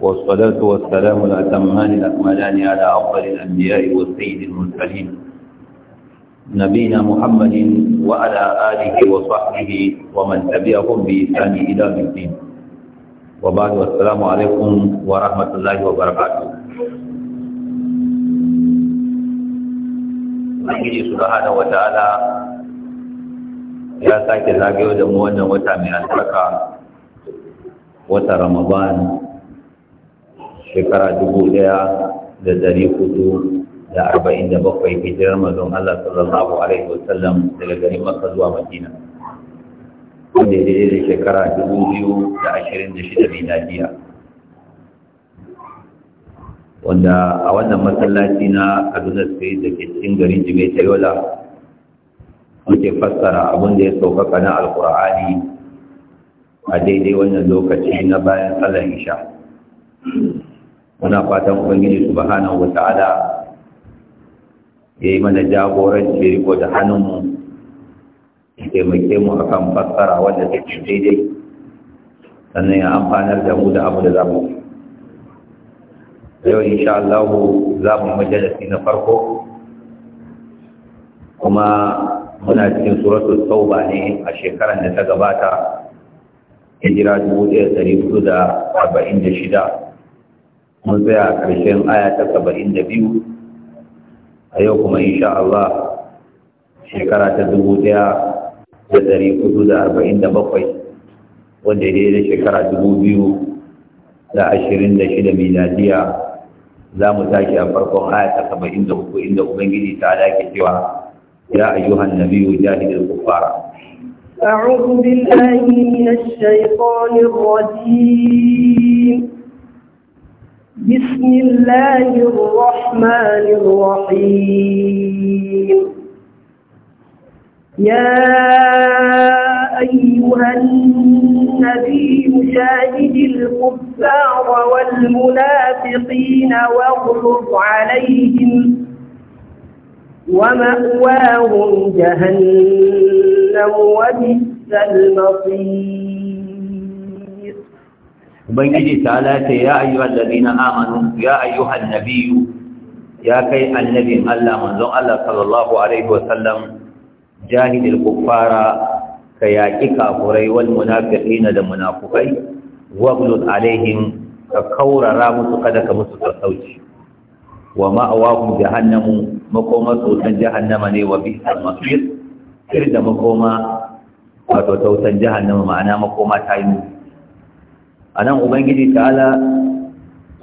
والصلاة والسلام الأتمان الأكملان على أفضل الأنبياء والسيد المرسلين نبينا محمد وعلى آله وصحبه ومن تبعهم بإحسان إلى الدين وبعد والسلام عليكم ورحمة الله وبركاته Ubangiji Subhanahu wa ta'ala ya sake zagayo da mu wannan wata mai albarka wata Ramadan shekara dubu ɗaya da dari hudu da arba'in da bakwai hijirar mazan Allah sallallahu Alaihi wasallam daga garin maka zuwa Madina. Wanda ya daidai da shekara dubu biyu da ashirin da shida miladiya. Wanda a wannan masallaci na Kaduna State da ke cikin garin Jimaita Yola muke fassara abin da ya saukaka na Alƙur'ani a daidai wannan lokaci na bayan sallar Isha. muna fatan ubangiji subhanahu wa ta'ala ya yi mana jagoranci riko da hannunmu ya taimake mu akan fassara wanda take daidai sannan ya amfanar da mu da abu da za mu yau insha Allah za mu majalisi na farko kuma muna cikin suratu tauba ne a shekarar da ta gabata hijira shida. mun tsaya a ƙarshen aya ta saba'in da biyu a yau kuma insha Allah shekara ta dubu ɗaya da ɗari hudu da arba'in da bakwai wanda ya da shekara dubu biyu da ashirin da shida miladiya za mu tashi a farkon aya ta saba'in da hudu inda ubangiji ta ala ke cewa ya ayyuhan nabiyu jahilul kuffara أعوذ بالله من الشيطان الرجيم بسم الله الرحمن الرحيم يا أيها النبي شاهد الكفار والمنافقين واغلظ عليهم ومأواهم جهنم وبئس المصير ubangiji ta alata ya ayyuhal ladina amanu ya ayyuhan nabiyyu ya kai annabin Allah manzon Allah sallallahu alaihi wasallam jahidil kuffara ka yaƙi kafurai wal munafiqina da munafukai waglud alaihim ka kaurara musu kada ka musu sassauci wa ma'awahum jahannamu makoma tautan jahannama ne wa bi'sal masir da makoma wato tautan jahannama ma'ana makoma ta yi a nan ubangiji ta'ala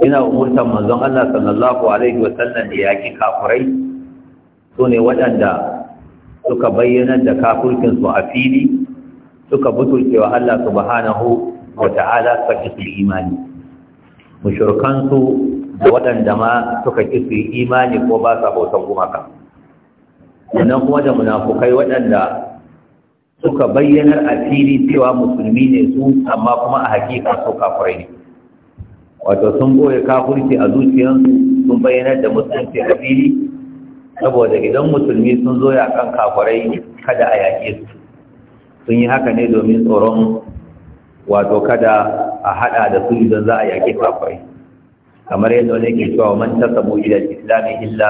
ina umurtan manzon Allah sallallahu alaihi wasallam da yaki kafurai su ne waɗanda suka bayyana da kafurkinsu a fili suka wa Allah subhanahu wa ta'ala suka su imani Mushurkansu da waɗanda ma suka su imani ko ba sa bautan gumaka sannan kuma da munafukai waɗanda suka bayyanar a fili cewa musulmi ne su amma kuma a hakika su kafirai ne wato sun goye kafirci a zuciyarsu sun bayyanar da musulunci a fili saboda idan musulmi sun zo yakan kafirai kada a yaƙe su sun yi haka ne domin tsoron wato kada a haɗa da su idan za a yaƙe kafirai kamar yadda wani ke cewa man tasabu ila islami illa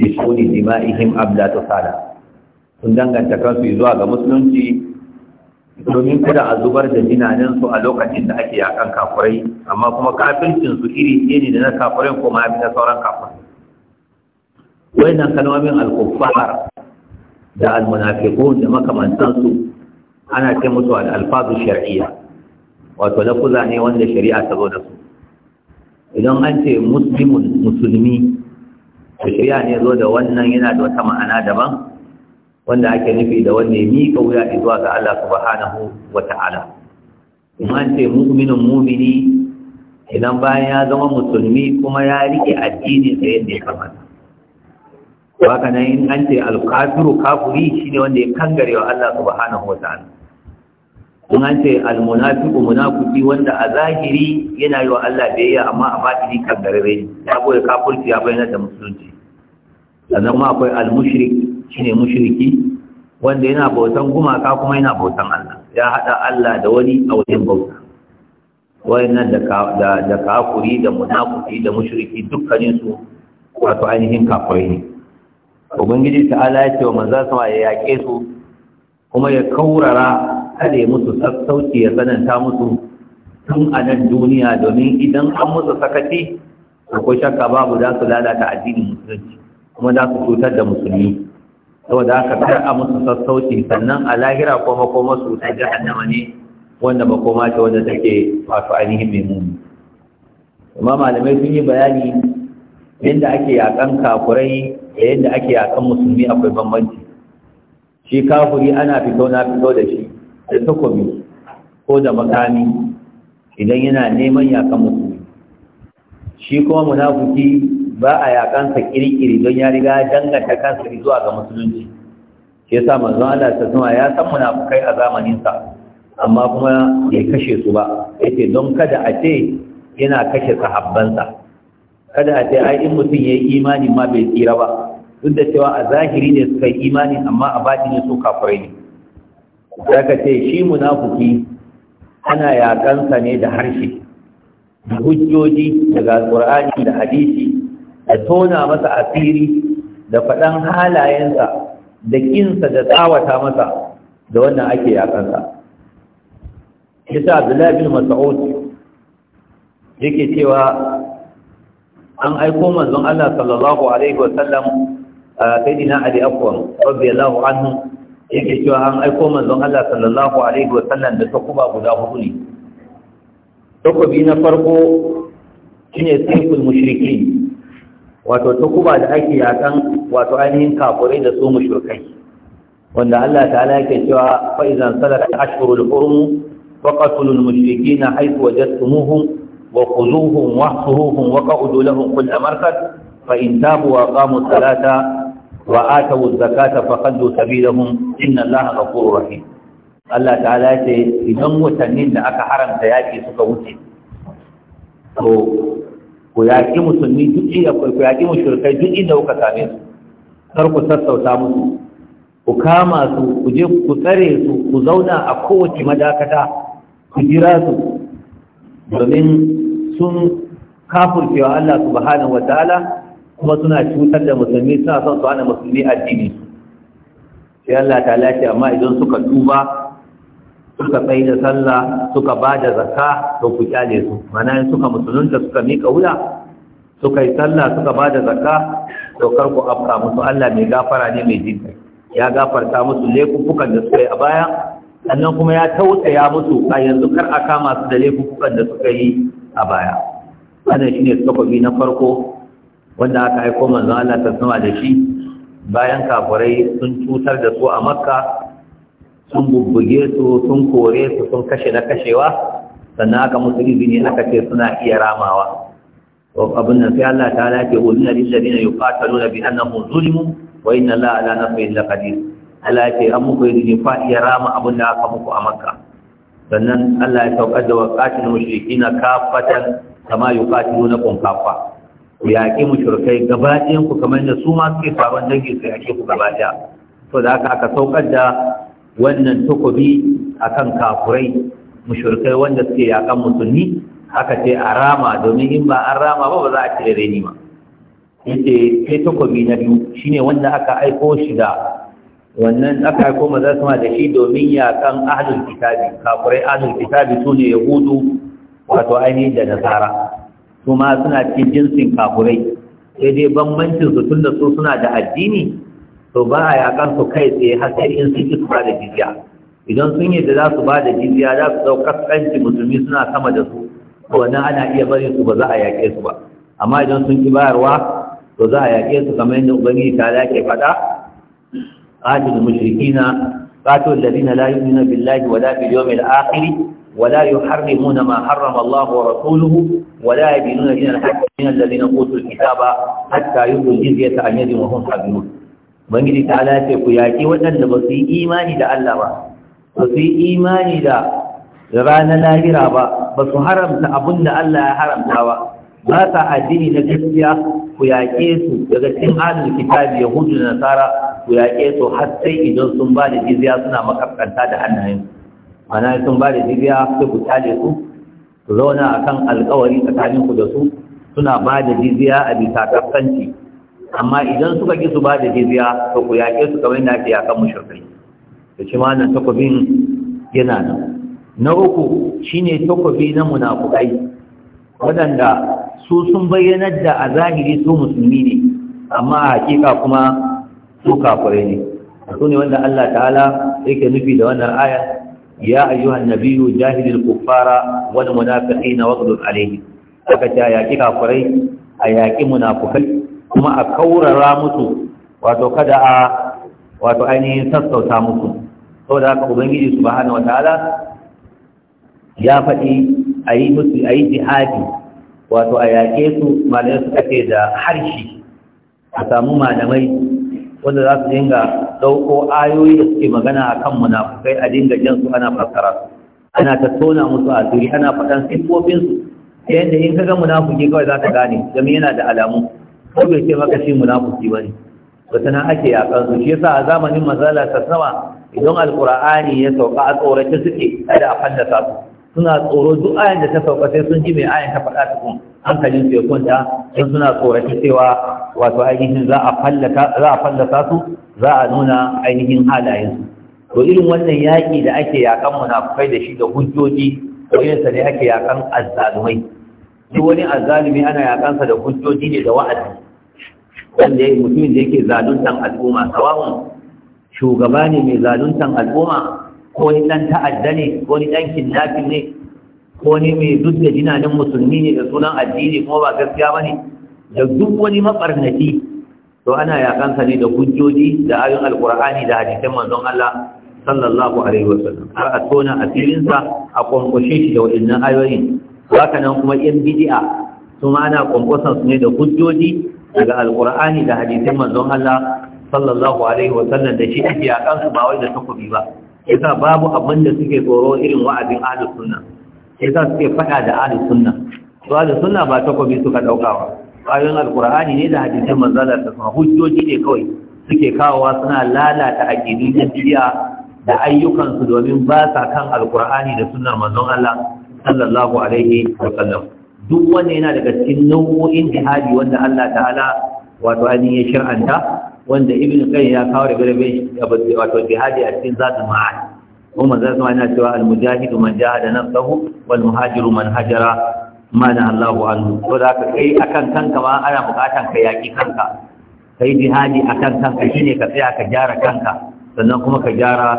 bi shuni dima'ihim abla sada. sun danganta kansu zuwa ga musulunci domin kada a zubar da jinanen a lokacin da ake yakan kafurai amma kuma kafircin su iri ɗaya ne da na kafurai ko ma yafi na sauran kafurai wayannan kalmomin al da al da makamantan makamantansu ana ce musu al-alfazu shar'iyya wato kuza ne wanda shari'a ta zo da su idan an ce muslimun musulmi shari'a ne zo da wannan yana da wata ma'ana daban wanda ake nufi da wanne mi miƙa wuya zuwa ga Allah subhanahu wa ta'ala Kuma an ce mu'minin mumini idan bayan ya zama musulmi kuma ya rike addini da yadda ya kamata haka nan in an ce alkafiru shi shine wanda ya kangare wa Allah subhanahu wa ta'ala in an ce almunafiku munafiki wanda a zahiri yana yi wa Allah biyayya amma a batini kangare rai ya boye kafurci ya bayyana da musulunci sannan ma akwai almushrik ne mushriki wanda yana bautan gumaka kuma yana bautan Allah ya hada Allah da wani a wajen bauta wayannan da da da kafuri da munafiki da mushriki dukkanin su wato ainihin kafirai ne ubangiji ala ya ce wa manzon sama ya yake su kuma ya kaurara kada ya musu sassauci ya sananta musu tun a nan duniya domin idan an musu sakaci akwai shakka babu za su lalata addinin musulunci kuma za su cutar da musulmi saboda haka kar a musu sassauci sannan a lahira ko makoma su ta jahannama ne wanda koma ta wanda take wato ainihin mai muni amma malamai sun yi bayani yadda ake yakan kafurai da yadda ake yakan musulmi akwai bambanci shi kafuri ana fito na fito da shi da takobi ko da makami idan yana neman yakan musulmi shi kuma munafuki ba a yaƙansa kirkiri don ya riga danganta kansa zuwa ga musulunci shi yasa manzo Allah ta zama ya san munafukai a zamanin sa amma kuma bai kashe su ba yace don kada a ce yana kashe sahabbansa kada a ce ai in mutum yayi imani ma bai tsira ba duk da cewa a zahiri ne suka yi imani amma a batini su kafirai ne zaka ce shi munafuki ana yaƙansa ne da harshe da hujjoji daga Qur'ani da hadisi A tona masa asiri da faɗan halayensa da ƙinsa da tsawata masa da wannan ake yakansa isa abdullahi bin mas'ud yake cewa an aiko manzon Allah sallallahu alaihi a sayyidina ali afwan radiyallahu anhu yake cewa an aiko manzon Allah sallallahu alaihi sallam da takuba guda hudu ne Takobi na farko shine sayful mushrikin wato tukuba da ake yakan wato ainihin kafurai da su mushrikai wanda Allah ta'ala yake cewa fa idan salat ashhurul hurum faqatul mushrikin haythu wajadtumuhum wa khuzuhum wahsuruhum wa qa'udu lahum kull markad fa in tabu wa qamu salata wa atu zakata faqaddu sabilahum inna Allaha ghafurur rahim Allah ta'ala ce idan watannin da aka haramta yaki suka wuce to ku yaƙi musulmi duk inda ku yaƙi mushrikai duk inda kuka same su kar ku sassauta musu ku kama su ku je ku tsare su ku zauna a kowace madakata ku jira su domin sun kafurcewa Allah subhanahu wataala kuma suna cutar da musulmi suna son su hana musulmi addini sai Allah ta lafiya amma idan suka duba suka tsaye da sallah suka ba da zaka to ku kyale su mana suka musulunta suka miƙa wuya suka yi sallah suka ba da zaka to kar ku afka musu Allah mai gafara ne mai jin ya gafarta musu laifukan da suka yi a baya sannan kuma ya tausaya musu a yanzu kar a kama su da laifukan da suka yi a baya wannan shine tsakabi na farko wanda aka aiko manzon Allah ta sama da shi bayan kafirai sun cutar da su a makka sun bubbuge su sun kore su sun kashe na kashewa sannan aka musu izini aka ce suna iya ramawa abin nan sai Allah ta lafi ulina lillazina yuqataluna bi annahum zulimu wa inna la ala nasrin laqadir Allah ya ce an muku izini fa iya rama abin da aka muku a Makka sannan Allah ya saukar da waqatilul mushrikina kafatan kama yuqatilunakum kafa ku yaƙi mushrikai gaba ɗayan ku kamar da su ma suke faruwar dangi su yaƙe ku gaba ɗaya to da haka aka saukar da wannan takobi akan kafurai mushrikai wanda suke yakan musulmi aka ce a rama domin in ba an rama ba ba za a cire reni ma yace sai takobi na biyu shine wanda aka aiko shi da wannan aka aiko maza sama da shi domin yakan ahlul kitabi kafurai ahlul kitabi sune yahudu wato ainihin da nasara su ma suna cikin jinsin kafurai sai dai bambancin su tun da su suna da addini to ba a yakan su kai tsaye har sai in sun su ba da jizya idan sun yi da za su ba da jizya za su ɗau kaskanci musulmi suna sama da su wannan ana iya barin su ba za a yaƙe su ba amma idan sun ki bayarwa to za a yaƙe su kamar yadda ubangiji ta ke faɗa qatil mushrikina qatil ladina la yu'minuna billahi wala bil yawmil akhir ولا يحرمون ما حرم الله ورسوله ولا يدينون دين الحق من الذين اوتوا الكتاب حتى يؤتوا الجزيه عن يد وهم صاغرون ubangiji ta ala ku yaƙi waɗanda ba su yi imani da Allah ba ba su yi imani da ranar lahira ba ba su haramta abin da Allah ya haramta ba ba sa addini na gaskiya ku yaƙe su daga cikin halin kitabi yahudu da nasara ku yaƙe su har sai idan sun ba da jizya suna makaskanta da hannayen ana sun ba da jizya sai ku tale su ku zauna akan alƙawari ku da su suna ba da jizya a bisa kaskanci amma idan suka ki su ba da jiziya to ku yaƙe su kamar yadda ake yaƙan mushrikai Da shi ma nan takobin yana nan na uku shine takobi na munafukai waɗanda su sun bayyanar da a zahiri su musulmi ne amma a hakika kuma su kafirai ne su ne wanda Allah ta'ala yake nufi da wannan aya ya ayyuhan nabiyyu jahidil kuffara wal munafiqina waghlul alayhi aka ta kafirai a yaki munafikai kuma a kaurara musu wato kada a wato ainihin sassauta musu saboda haka ubangiji subhanahu wataala ya faɗi a yi musu a yi jihadi wato a yaƙe su malamai su ce da harshe a samu malamai wanda za su dinga ɗauko ayoyi da suke magana a kan munafukai a dinga jan su ana fassara ana ta tona musu a turi ana faɗan siffofinsu ta yadda in ka ga munafuki kawai za ka gane domin yana da alamu ko bai ce maka shi munafiki ba ne wata nan ake yakan su shi yasa a zamanin mazala ta sama idan alkur'ani ya sauka a tsorace suke kada a fallasa su suna tsoro duk ayan da ta sauka sai sun ji mai ayan ta faɗa hankalin su ya kwanta don suna tsorace cewa wato ainihin za a fallasa su za a nuna ainihin halayensu to irin wannan yaƙi da ake yakan munafukai da shi da hujjoji ko ne ake yakan azzalumai duk wani azalimi ana yakansa da hujjoji ne da wa'azi wanda ya mutumin da yake zaluntan al'umma sawa'un shugaba ne mai zaluntan al'umma ko ni dan ta'adda ne ko ni dan kidnapping ne ko ni mai duk da jinanin musulmi ne da sunan addini kuma ba gaskiya ba ne da duk wani mabarnaci to ana yakansa ne da hujjoji da ayoyin alkur'ani da hadisan manzon Allah sallallahu alaihi wasallam har a tona asirinsa a kwankwashe shi da waɗannan ayoyin haka nan kuma yan bidi'a su ma ana kwankwasan su ne da hujjoji daga alqur'ani da hadisin manzon Allah sallallahu alaihi wa sallam da shi ake yakan su ba wai da takobi ba yasa babu abin da suke tsoro irin wa'azin ahlus sunna yasa suke faɗa da ahlus sunna to ahlus sunna ba takobi suka daukawa ayoyin alqur'ani ne da hadisin manzon Allah sallallahu hujjoji ne kawai suke kawowa suna lalata aqidu na bid'a da ayyukansu domin ba sa kan alkur'ani da sunnar manzon Allah sallallahu alaihi wa sallam duk wanda yana daga cikin nau'o'in jihadi wanda Allah ta'ala wato ainihin ya shir'anta wanda ibn qayyim ya kawo a rabe wato jihadi a cikin zatul ma'ad kuma manzon yana cewa al-mujahidu man jahada nafsahu wal muhajiru man hajara ma Allahu anhu to da ka kai akan kanka ma ana bukatan ka yaki kanka kai jihadi akan kanka shine ka tsaya ka gyara kanka sannan kuma ka gyara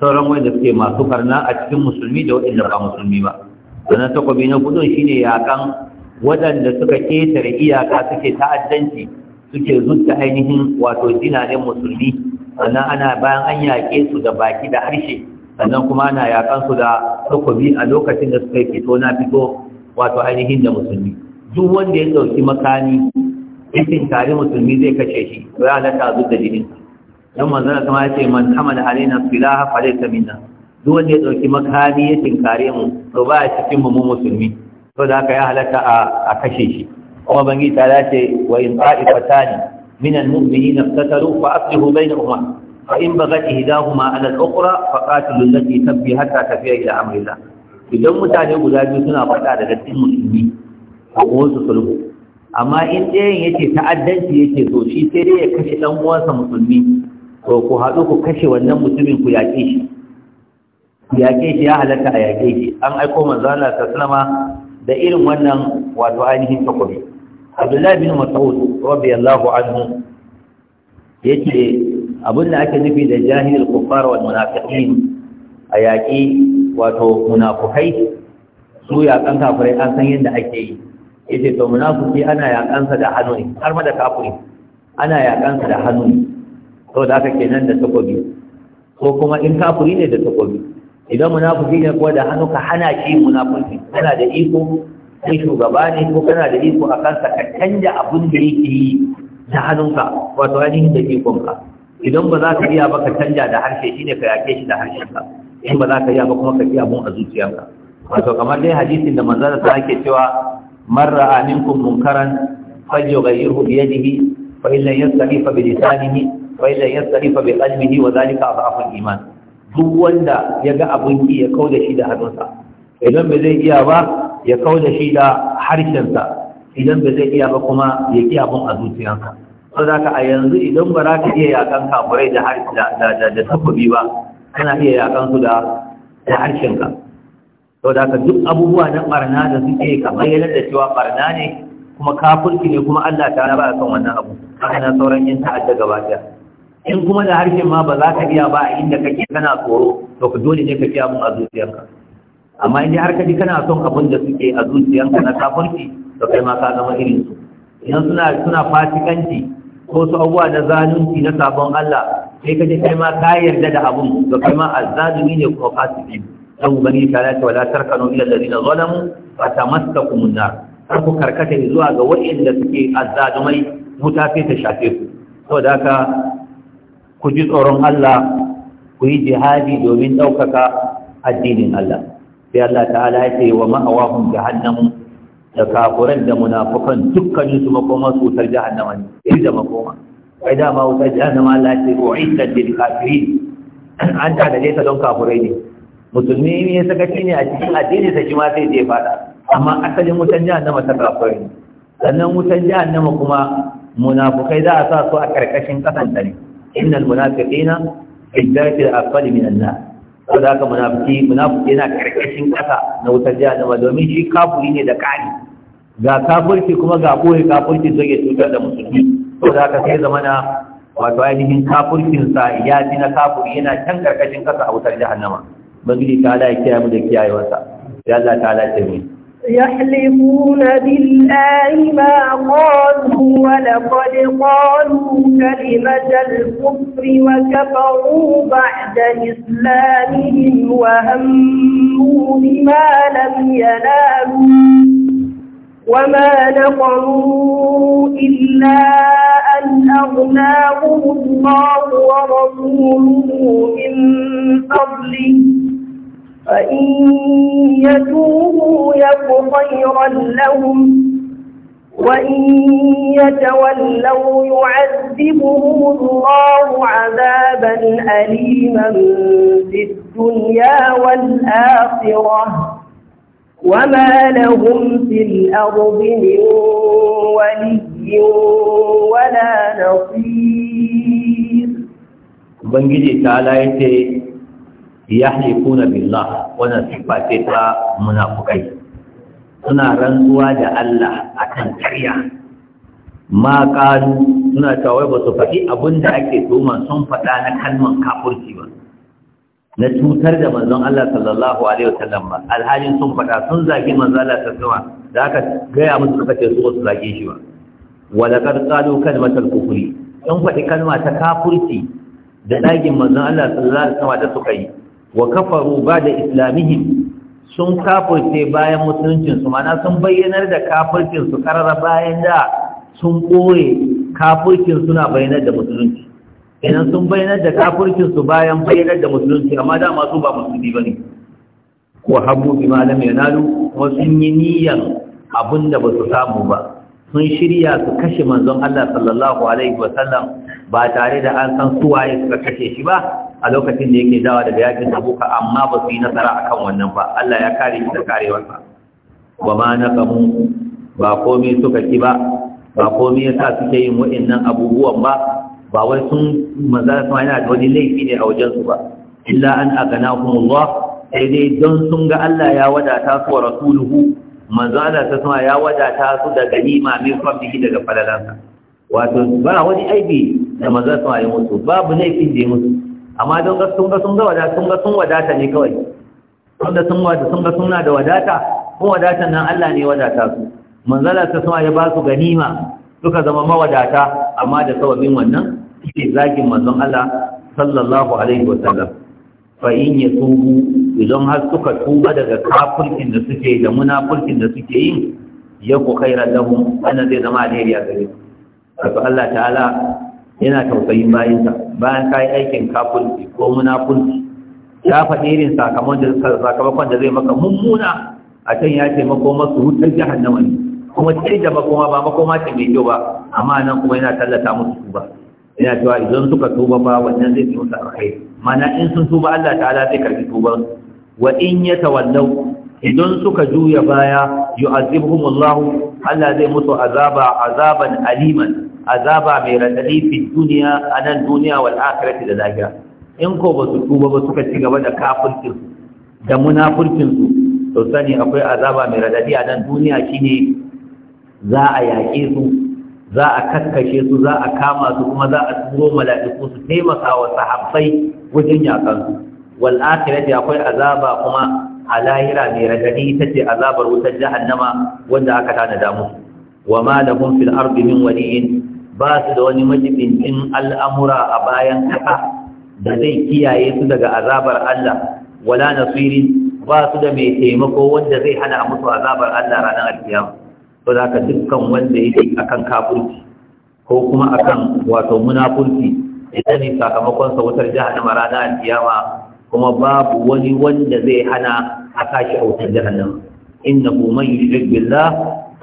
sauran wanda suke masu karna a cikin musulmi da waɗanda ba musulmi ba sannan takobi na hudun shine yakan waɗanda suka ƙetare iyaka suke ta'addanci suke zuta ainihin wato dinanen musulmi sannan ana bayan an yaƙe su da baki da harshe sannan kuma ana yaƙan su da takobi a lokacin da suka fito na fito wato ainihin da musulmi duk wanda ya ɗauki makami ikin tare musulmi zai kashe shi to ya halatta a zutta don manzana kama ya ce man hamala alaina silaha min minna duk wanda ya ɗauki makami ya tinkare mu to ba cikin mu musulmi to da haka ya halatta a kashe shi kuma bangi ta dace wa in ta'ifatani من المؤمنين اقتتلوا فأصلحوا بينهما فإن بغت إهداهما على الأخرى فقاتلوا التي تبي tabbi, hatta tafiya أمر الله idan mutane guda biyu suna faɗa daga cikin musulmi a uwansu sulhu amma in ɗayan yake ta'addanci yake so shi sai dai ya kashe ɗan uwansa musulmi to ku haɗu ku kashe wannan mutumin ku yaƙe shi yaƙe shi ya halatta a yaƙe shi an aiko manzana ta sunama da irin wannan wato ainihin takobi abdullahi bin mas'ud yallahu anhu ya ce abin da ake nufi da jahilul kuffar wal munafiqin a yaƙi wato munafukai su yaƙan kafirai an san yadda ake yi yace to munafuki ana yaƙansa da hannu ne har ma da kafiri ana yaƙansa da hannu ne to da haka kenan da takobi ko kuma in kafiri ne da takobi idan munafiki ne kuwa da hannu ka hana shi munafiki kana da iko kai shugaba ne ko kana da iko a kansa ka canja abin da yake yi da hannunka wato ainihin da ikonka idan ba za ka iya ba ka canja da harshe shi ne ka yake shi da harshenka in ba za ka iya ba kuma ka iya mun a zuciyarka wato kamar dai hadisin da manzara ta ake cewa marra aminkum munkaran falyughayyirhu bi yadihi fa in lam yastahif bi lisanihi fa in lam yastahif bi qalbihi wa dhalika adhafu al-iman duk wanda ya ga abin ki ya kauda shi da hannunsa idan ba zai iya ba ya kauda shi da harshensa idan ba zai iya ba kuma ya ki abin a zuciyarsa sau za ka a yanzu idan ba za ka iya yakan kafurai da takobi ba kana iya yakan su da harshenka sau da ka duk abubuwa na barna da suke kamar yana da cewa barna ne kuma kafurki ne kuma Allah ta ba a kan wannan abu kana sauran yin ta'adda gaba ɗaya in kuma da harshen ma ba za ka iya ba a inda kake kana tsoro to ka dole ne ka ji abin a zuciyarka amma in har ka ji kana son abin da suke a zuciyarka na kafirci to kai ma ka zama irin su idan suna suna fasikanci ko su abubuwa na zalunci na sabon Allah sai ka je kai ma ka yarda da abun to kai ma azzalumi ne kuma fasiki dan ubangiji ta wala tarkanu ila alladhina zalamu fa tamassakum an-nar har ku karkata zuwa ga waɗanda suke azzalumai wuta sai ta shafe ku saboda haka ku ji tsoron Allah ku yi jihadi domin ɗaukaka addinin Allah sai Allah ta'ala ya ce wa ma'awahun jahannam da kafuran da munafukan dukkanin su makoma su wutar jahannama ne sai da makoma kai da ma wutar jahannama Allah ce u'iddat lil kafirin an ta da ta don kafurai ne musulmi ne ya saka shi ne a cikin addini sa shi ma sai je fada amma asalin wutar jahannama ta kafurai ne sannan wutar jahannama kuma munafukai za a sa su a karkashin kasanta ne innal munafiqina fi dafil aqali min an-nar saboda haka yana karkashin kasa na wutar jahannama domin shi kafuri ne da kari ga kafurci kuma ga boye kafurci zai cutar da musulmi saboda haka sai zamana wato ainihin kafurcin sa ya ji na kafuri yana can karkashin kasa a wutar jahannama bangiji ta ala ya kiyaye mu da kiyayewarsa ya Allah ta ala ya يحلفون بالله ما قالوا ولقد قالوا كلمة الكفر وكفروا بعد إسلامهم وهموا بما لم ينالوا وما نقموا إلا أن أغناهم الله ورسوله من فضله فإن يتوبوا يك خيرا لهم وإن يتولوا يعذبهم الله عذابا أليما في الدنيا والآخرة وما لهم في الأرض من ولي ولا نصير بنجي تعالى yahlifuna billah wannan sifa ce ta munafukai suna rantsuwa da Allah akan ƙarya ma qalu suna cewa ba su faɗi abin da ake tuma sun faɗa na kalman kafurci ba na cutar da manzon Allah sallallahu alaihi wasallam ba alhalin sun faɗa sun zagi manzon Allah sallallahu alaihi wasallam da aka gaya musu suka ce su su zage shi ba walaqad qalu kalmatal kufri sun faɗi kalma ta kafurci, da dagin manzon Allah sallallahu alaihi wasallam da suka yi wa kafaru ba da islamihim sun kafirce bayan musuluncinsu mana sun bayyanar da su karara bayan da sun ɓoye kafircin suna bayyanar da musulunci idan sun bayyanar da su bayan bayyanar da musulunci amma da masu ba musulmi ba ne ko habu bi malam nalu kuma sun yi niyyar abin da ba su samu ba sun shirya su kashe manzon Allah sallallahu alaihi wasallam ba tare da an san suwaye suka kashe shi ba a lokacin da yake dawa daga yakin tabuka amma ba su yi nasara a kan wannan ba Allah ya kare shi da karewarsa ba ma kamu ba komai suka ki ba ba komai yasa suke yin wa'annan abubuwan ba ba wai sun manzara sama yana da wani laifi ne a wajensu ba illa an kuma aganahumullah sai dai don sun ga Allah ya wadata su wa rasuluhu manzo ta sama ya wadata su da ganima min fadlihi daga falalansa wato ba wani aibi da manzo sama ya mutu babu laifin da ya mutu amma don ga sun ga sun ga wadata sun ga sun wadata ne kawai wanda sun wadata sun ga suna da wadata ko wadata nan Allah ne wadata su manzala ta sama ya ba su ganima suka zama mawadata amma da sababin wannan shi zagin manzon Allah sallallahu alaihi wa sallam fa in yatubu idan har suka tuba daga kafirkin da suke da munafirkin da suke yi ya khairan lahum wannan zai zama alheri a gare su Allah ta'ala yana tausayin bayinsa bayan ka yi aikin kafulci ko munafulci ya faɗi irin sakamakon da zai maka mummuna a can ya ce makoma su hutar jihar ne kuma sai da makoma ba makoma ce mai kyau ba amma nan kuma yana tallata musu tuba yana cewa idan suka tuba ba wannan zai tuba alkhairi mana in sun tuba Allah ta'ala zai karbi tuban wa in ya tawallau idan suka juya baya yu'azibuhum Allah Allah zai musu azaba azaban aliman azaba mai raɗaɗi fi duniya a nan duniya wal akhirati da lahira in ko ba su tuba ba suka ci gaba da kafircin da munafurcin to sani akwai azaba mai raɗaɗi a nan duniya shine za a yaƙe su za a kakkashe su za a kama su kuma za a turo mala'iku su taimaka wa sahabbai wajen yakan su wal akwai azaba kuma a lahira mai raɗaɗi ita ce azabar wutar jahannama wanda aka tanada musu wa ma lahum fil ardi min waliyyin ba su da wani majibincin al'amura a bayan kasa da zai kiyaye su daga azabar Allah wala nasiri ba su da mai taimako wanda zai hana mutu azabar Allah ranar alkiyama to za ka dukkan wanda yake akan kafurci ko kuma akan wato munafurci ya ne sakamakon sa wutar jahannama ranar alkiyama kuma babu wani wanda zai hana a kashi a wutar jahannama innahu man yushrik billah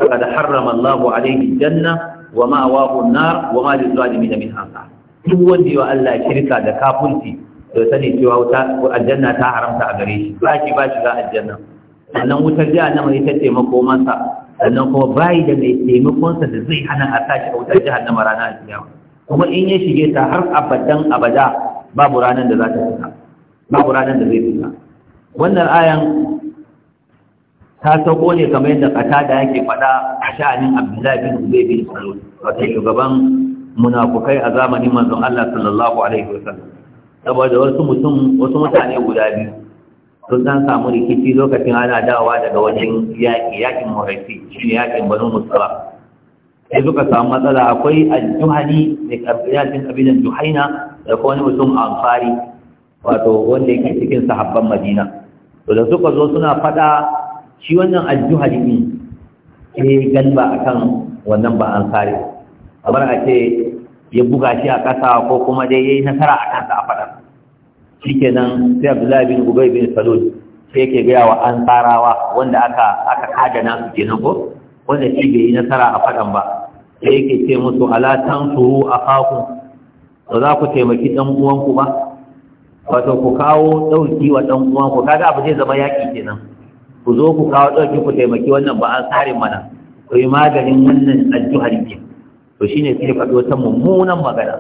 faqad harrama Allahu alayhi janna wa ma wa nar wa ma lil zalimin min ansar duk wanda yawa Allah shirka da kafirci to sani cewa wuta aljanna ta haramta a gare shi ba shi ba shi ga aljanna sannan wutar jahannama ita ce masa. sannan kuma bayi da mai taimakonsa da zai hana a tashi a wutar jahannama ranar alkiyama kuma in ya shige ta har abadan abada babu ranar da za ta fita babu ranar da zai fita wannan ayan ta sauko ne kamar yadda kata da yake faɗa a sha'anin abdullahi bin ubay bin salul wata shugaban munafukai a zamanin manzon Allah sallallahu alaihi sallam saboda wasu mutum wasu mutane guda biyu sun dan samu rikici lokacin ana dawowa daga wajen yaƙi yaƙin muraisi shi yaƙin banu musala sai suka samu matsala akwai aljuhani da yaƙin ƙabilan juhaina da kuma wani mutum amfari wato wanda yake cikin sahabban madina to da suka zo suna faɗa shi wannan aljuhari ne ke galba akan wannan ba an kare kamar a ce ya buga shi a ƙasa ko kuma dai ya yi nasara a kansa a faɗa shi kenan sai abdullahi bin ubai bin salul sai ke gaya wa an tsarawa wanda aka aka na su kenan ko wanda shi bai yi nasara a faɗan ba sai yake ce musu ala a kaku, ba za ku taimaki ɗan uwanku ba wato ku kawo ɗauki wa ɗan uwanku kaga abu zai zama yaƙi kenan ku zo ku kawo ɗauki ku taimaki wannan ba an tsare mana ku yi maganin wannan addu'ar ki to shine sai faɗi wata mummunan magana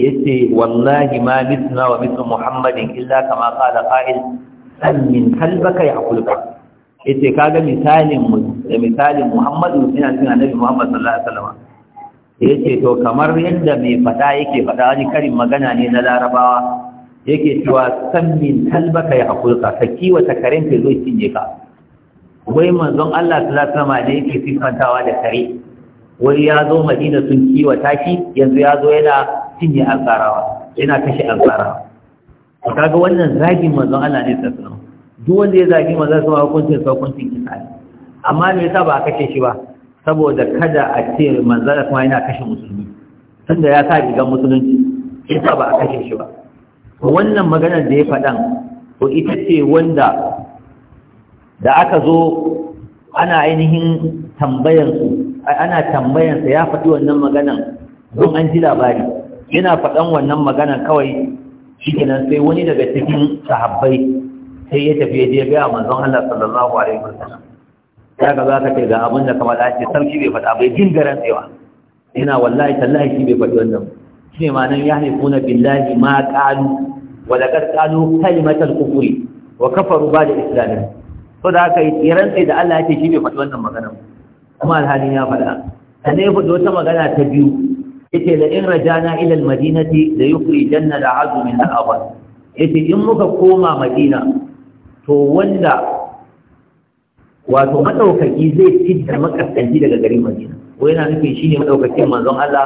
yace wallahi ma mithna wa mithlu muhammadin illa kama qala qa'il san min kalbaka ya'kulka yace kaga misalin mu da misalin muhammadu ina cikin annabi muhammad sallallahu alaihi wasallam yace to kamar yadda mai fada yake fada wani karin magana ne na larabawa yake cewa san min kalbaka ya'kulka ka kiwata karenka zai cinye ka wai manzon Allah sallallahu alaihi wasallam ne yake siffantawa da kare wai ya zo Madina sun kiwata shi yanzu ya zo yana cinye alƙarawa yana kashe alƙarawa kaga wannan zagin manzon Allah ne sallallahu alaihi duk wanda ya zagi manzon sa hukuncin sa hukuncin kisa ne amma me yasa ba a kashe shi ba saboda kada a ce manzon kuma yana kashe musulmi tunda ya sa rigar musulunci yasa ba a kashe shi ba wannan maganar da ya faɗan ko ita ce wanda da aka zo ana ainihin tambayansu ana tambayansa ya faɗi wannan maganan don an ji labari yana faɗan wannan maganan kawai kenan sai wani daga cikin sahabbai sai ya tafi ya je ya gaya manzon Allah sallallahu alaihi wasallam ya ga za ka ce ga abin da kamar da ake sarki bai faɗa bai jin garan tsewa ina wallahi tallahi shi bai faɗi wannan shi ne ma'anar ya haifuna billahi ma ƙalu wa laƙar ƙalu kalimatar kufuri wa kafaru ba da islamin so da aka yi tsiran sai da Allah ya ce shi bai faɗi wannan magana kuma alhalin ya faɗa sannan ya faɗi wata magana ta biyu yace la in rajana ila almadinati la yukhrijanna al'adu min al'abad yace in muka koma madina to wanda wato madaukaki zai fidda makasanci daga garin madina ko yana nufin shine madaukakin manzon Allah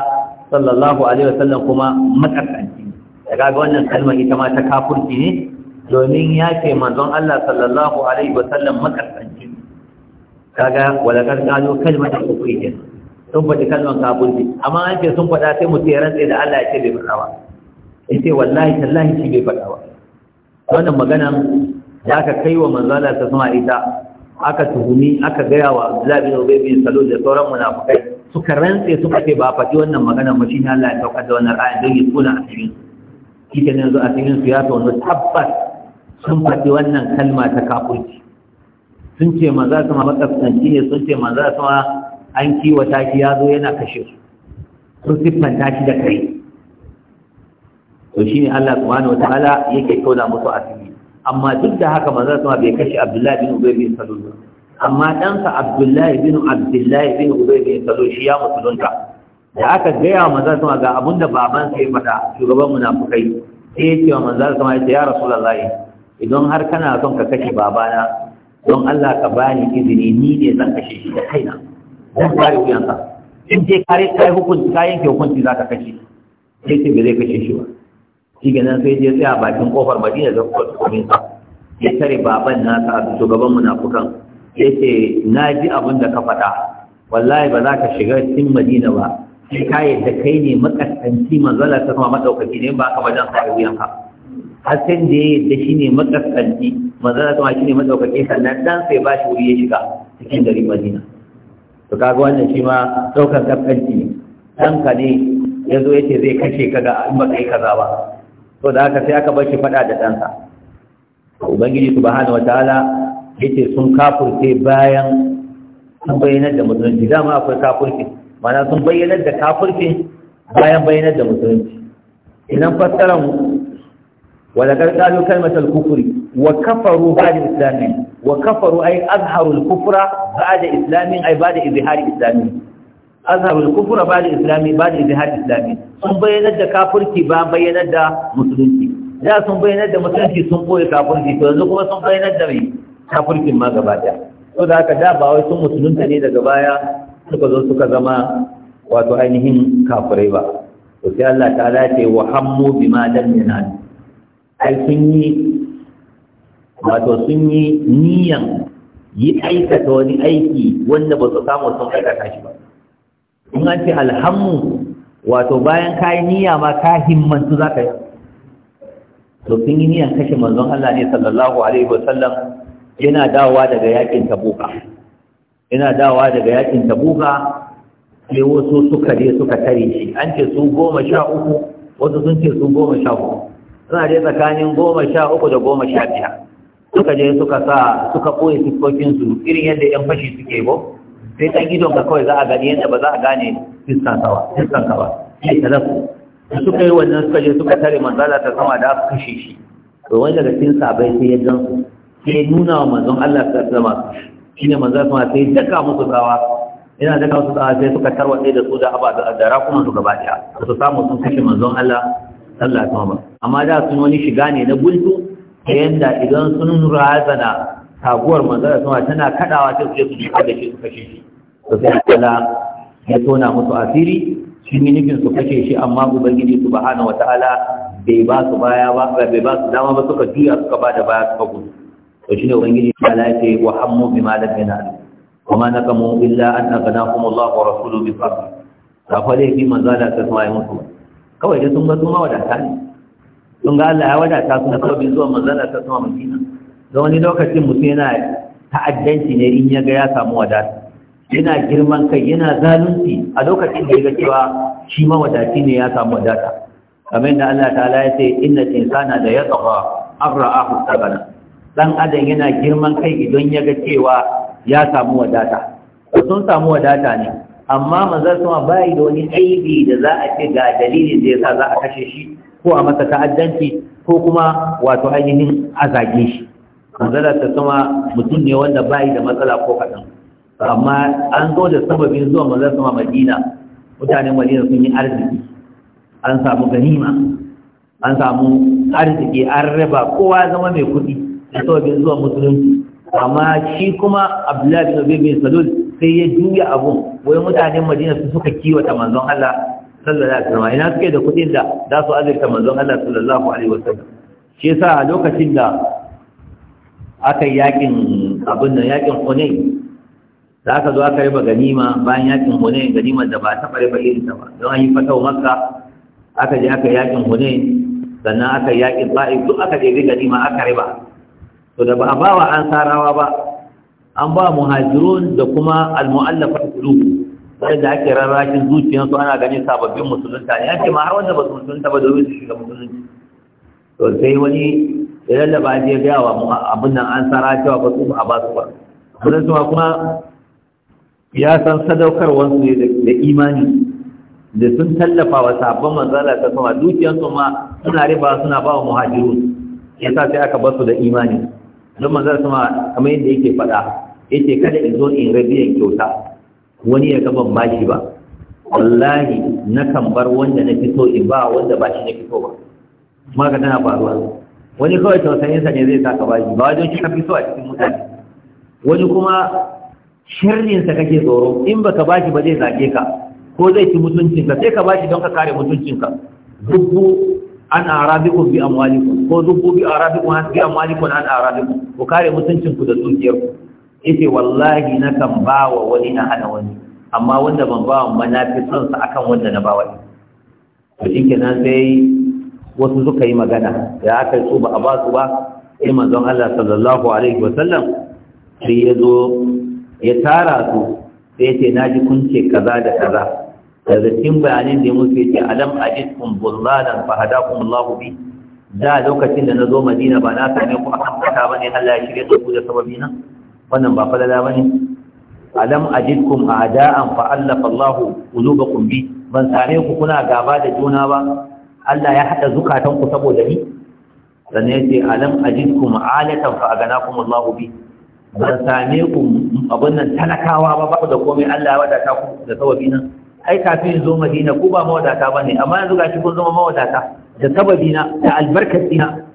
sallallahu alaihi wasallam kuma makasanci daga ga wannan kalmar ita ma ta kafurci ne domin ya ce manzon Allah sallallahu alaihi wasallam makasanci kaga wala kan gano kalmar da kuke yin sun faɗi kalmar kafirci amma an ce sun faɗa sai mutum ya rantsa da Allah ya ce bai faɗawa. ba ce wallahi tallahi shi bai faɗawa. ba wannan maganan da aka kai wa manzon Allah ta sama ita aka tuhumi aka gaya wa Abdullahi bin Ubay bin Salul da sauran munafukai suka rantse suka ce ba a faɗi wannan magana ba ne Allah ya saukar da wannan ra'ayin don ya tsona asirin shi ne yanzu cikin su ya tono tabbas sun faɗi wannan kalma ta kafurci sun ce maza sama makasanci ne sun ce maza sama an kiwata shi ya zo yana kashe su sun siffanta shi da kai to shi ne Allah subhanahu wataala yake tona musu asiri amma duk da haka maza sama bai kashe Abdullahi bin Ubay bin Salul ba amma ɗansa Abdullahi bin Abdullahi bin Ubay bin Salul shi ya musulunta da aka gaya wa maza sama ga abinda babansa ya faɗa shugaban munafukai sai ya ce wa maza sama ya ce ya Rasulullahi idan har kana son ka kashe babana don Allah ka bani izini ni ne zan kashe shi da kaina zan kare wuyansa in je kare kai hukunci ka yanke hukunci za ka kashe sai ce ba zai kashe shi ba shi nan sai je tsaya bakin kofar madina da kwatsumin sa ya tare baban ka su gaban munafukan ya ce na ji abin da ka faɗa wallahi ba za ka shiga cikin madina ba sai ka yadda kai ne makasanci manzala ta kuma maɗaukaki ne ba ka wajen kare wuyanka har da ya yadda shi ne matsakanci manzana kuma shi ne matsaukake sannan dan sai ba shi wuri ya shiga cikin gari madina to kaga wannan shi ma ɗaukar kaskanci ne ɗanka ne ya zo ya ce zai kashe ka ga in baka yi kaza ba to da haka sai aka bar shi faɗa da ɗansa ubangiji subhanahu ya yace sun kafurce bayan sun bayyanar da musulunci dama akwai kafurci mana sun bayyanar da kafurci bayan bayyanar da musulunci idan fassaran ولقد قالوا كلمة الكفر وكفروا بعد إسلام وكفروا أي أظهروا الكفر بعد إسلام أي بعد إظهار إسلام أظهروا الكفر بعد إسلام بعد إظهار إسلام sun bayyana da kafirci ba bayyana da musulunci sun bayyana da musulunci sun koyi kafirci to yanzu kuma sun bayyana da mai kafircin ma gaba daya da ba sun musulunta ne daga baya suka zo suka zama wato ainihin kafirai ba to sai Allah ta'ala ce wa hammu bima lam yanal ai sun yi wato sun yi niyan yi aikata wani aiki wanda ba su samu sun aikata shi ba in an ce alhammu wato bayan ka yi niyya ma ka himmantu za ka yi to sun yi niyan kashe manzon Allah ne sallallahu alaihi sallam. yana dawowa daga yakin tabuka yana dawowa daga yakin tabuka sai wasu suka je suka tare shi an ce su goma sha uku wasu sun ce su goma sha uku suna je tsakanin goma sha uku da goma sha biyar suka je suka sa suka ɓoye siffofinsu irin yadda yan fashi suke bo sai ɗan gidon ka kawai za a gani yadda ba za a gane ka ba shi talafu suka yi wannan suka je suka tare manzala ta sama da aka kashe shi to wani daga cikin sabai sai ya gan sai nuna wa manzon Allah ta zama shi ne manzon ma sai daka musu tsawa Yana da kawo su tsawa sai suka tarwaɗe da su da haba da rakunan su gaba ɗaya da su samu sun kashe manzon Allah sallah ta mamar amma da sun wani shiga ne na bultu ta yanda idan sun razana taguwar manzara sama tana kadawa ta su su shiga da shi su kashe shi to sai Allah ya tona musu asiri shi ne nufin su kashe shi amma ubangiji subhanahu wataala bai ba su baya ba bai ba su dama ba suka juya suka ba da baya suka gudu to shine ubangiji ta lafi wa hammu bima lam yanal وما نقموا إلا أن أغناهم الله ورسوله بفضله فقال لي في منزلة تسمع مسلم kawai dai sun ga sun mawadata ne sun ga Allah ya wadata suna na bin zuwa manzana ta sama madina da wani lokacin mutum yana ta'addanci ne in ya ga ya samu wadata yana girman kai yana zalunci a lokacin da ya ga cewa shi mawadaci ne ya samu wadata kamar da Allah ta'ala ya ce inna insana da ya tsafa an ra'ahu sabana dan adam yana girman kai idan ya ga cewa ya samu wadata sun samu wadata ne amma manzon sama bai da wani aibi da za a ce ga dalilin da yasa za a kashe shi ko a masa ta'addanci ko kuma wato ainihin a zage shi manzon ta sama mutum ne wanda bai da matsala ko kaɗan amma an zo da sababin zuwa manzon sama madina mutanen madina sun yi arziki an samu ganima an samu arziki an raba kowa zama mai kuɗi da sababin zuwa musulunci amma shi kuma abdullahi bin ubay bin salul sai ya juya abun wai mutanen madina su suka kiwata manzon Allah sallallahu alaihi wasallam ina suke da kudin da za su azurta manzon Allah sallallahu alaihi wasallam shi yasa lokacin da aka yakin abin nan yakin Hunayn da aka zo aka riba ganima bayan yakin Hunayn ganima da ba ta fare ba irin ta ba don an yi fatau Makka aka je aka yakin Hunayn sannan aka yakin ba'i duk aka je ganima aka riba to da ba a bawa ansarawa ba an ba muhajirun da kuma almu'allafa qulubu sai da ake rarrakin zuciyarsu ana ganin sababbin musulunta ne yake ma har wanda ba su musulunta ba domin su shiga musulunci to sai wani ya lallaba je ga wa abin nan an tsara cewa ba su a ba su ba kuma su kuma ya san sadaukarwar su da imani da sun tallafa wa sabon manzala ta sama su ma suna riba suna ba wa muhajirun yasa sai aka ba su da imani don manzala sama kamar yadda yake faɗa yace kada in zo in rabiyan kyauta wani ya gaban bashi ba wallahi na kan bar wanda na fito in ba wanda ba shi na fito ba kuma ka tana faruwa wani kawai tausayinsa ne zai saka bashi ba wajen shi ka fito a cikin mutane wani kuma sa kake tsoro in baka bashi ba zai zage ka ko zai ci mutuncinka sai ka bashi don ka kare mutuncinka dubbu an arabikum bi amwalikum ko dubbu bi arabikum bi amwalikum an arabikum ku kare mutuncinku da ku yace wallahi na kan bawa wani na hana wani amma wanda ban bawa wa na fi son sa akan wanda na bawa to shikenan sai wasu suka yi magana da aka yi su ba a ba su ba sai manzon Allah sallallahu alaihi wa sallam sai ya zo ya tara su sai ce na ji kun ce kaza da kaza daga cikin bayanin da muke ce alam ajidkum bullalan fa hadakum Allahu bi da lokacin da na zo Madina ba na same ku akan fata bane Allah ya shirye da ku da sababi nan? wannan ba falala ne? alam ajidkum a'da'an fa allafa Allahu qulubakum bi ban same ku kuna gaba da juna ba Allah ya hada zukatan ku saboda ni dan yace alam ajidkum alatan fa aganakum Allahu bi ban same ku abun nan talakawa ba ba da komai Allah ya wadata ku da sababi nan ai kafin zo Madina ku ba mawadata bane amma yanzu gashi kun zama mawadata da sababi na da albarkatina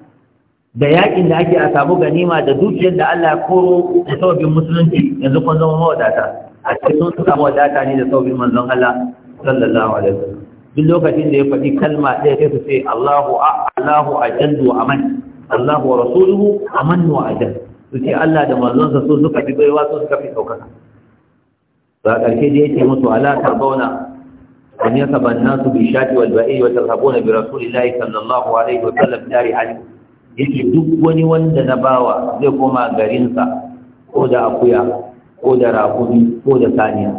da yakin da ake a samu ganima da dukiyar da Allah ya koro da sabbin musulunci yanzu kun zama mawadata a cikin sun samu wadata ne da sabbin manzon Allah sallallahu alaihi wasallam duk lokacin da ya faɗi kalma ɗaya sai su ce Allahu Allahu ajallu wa aman Allahu wa rasuluhu aman wa ajal su ce Allah da manzonsa su suka fi baiwa su suka fi ɗaukaka ba ƙarshe da yake musu ala tarbauna an yasa ban nasu bi shati wal ba'i wa tarhabuna bi rasulillahi sallallahu alaihi wa sallam, dari hadith yake duk wani wanda na bawa zai koma garinsa ko da akuya ko da rakumi ko da saniya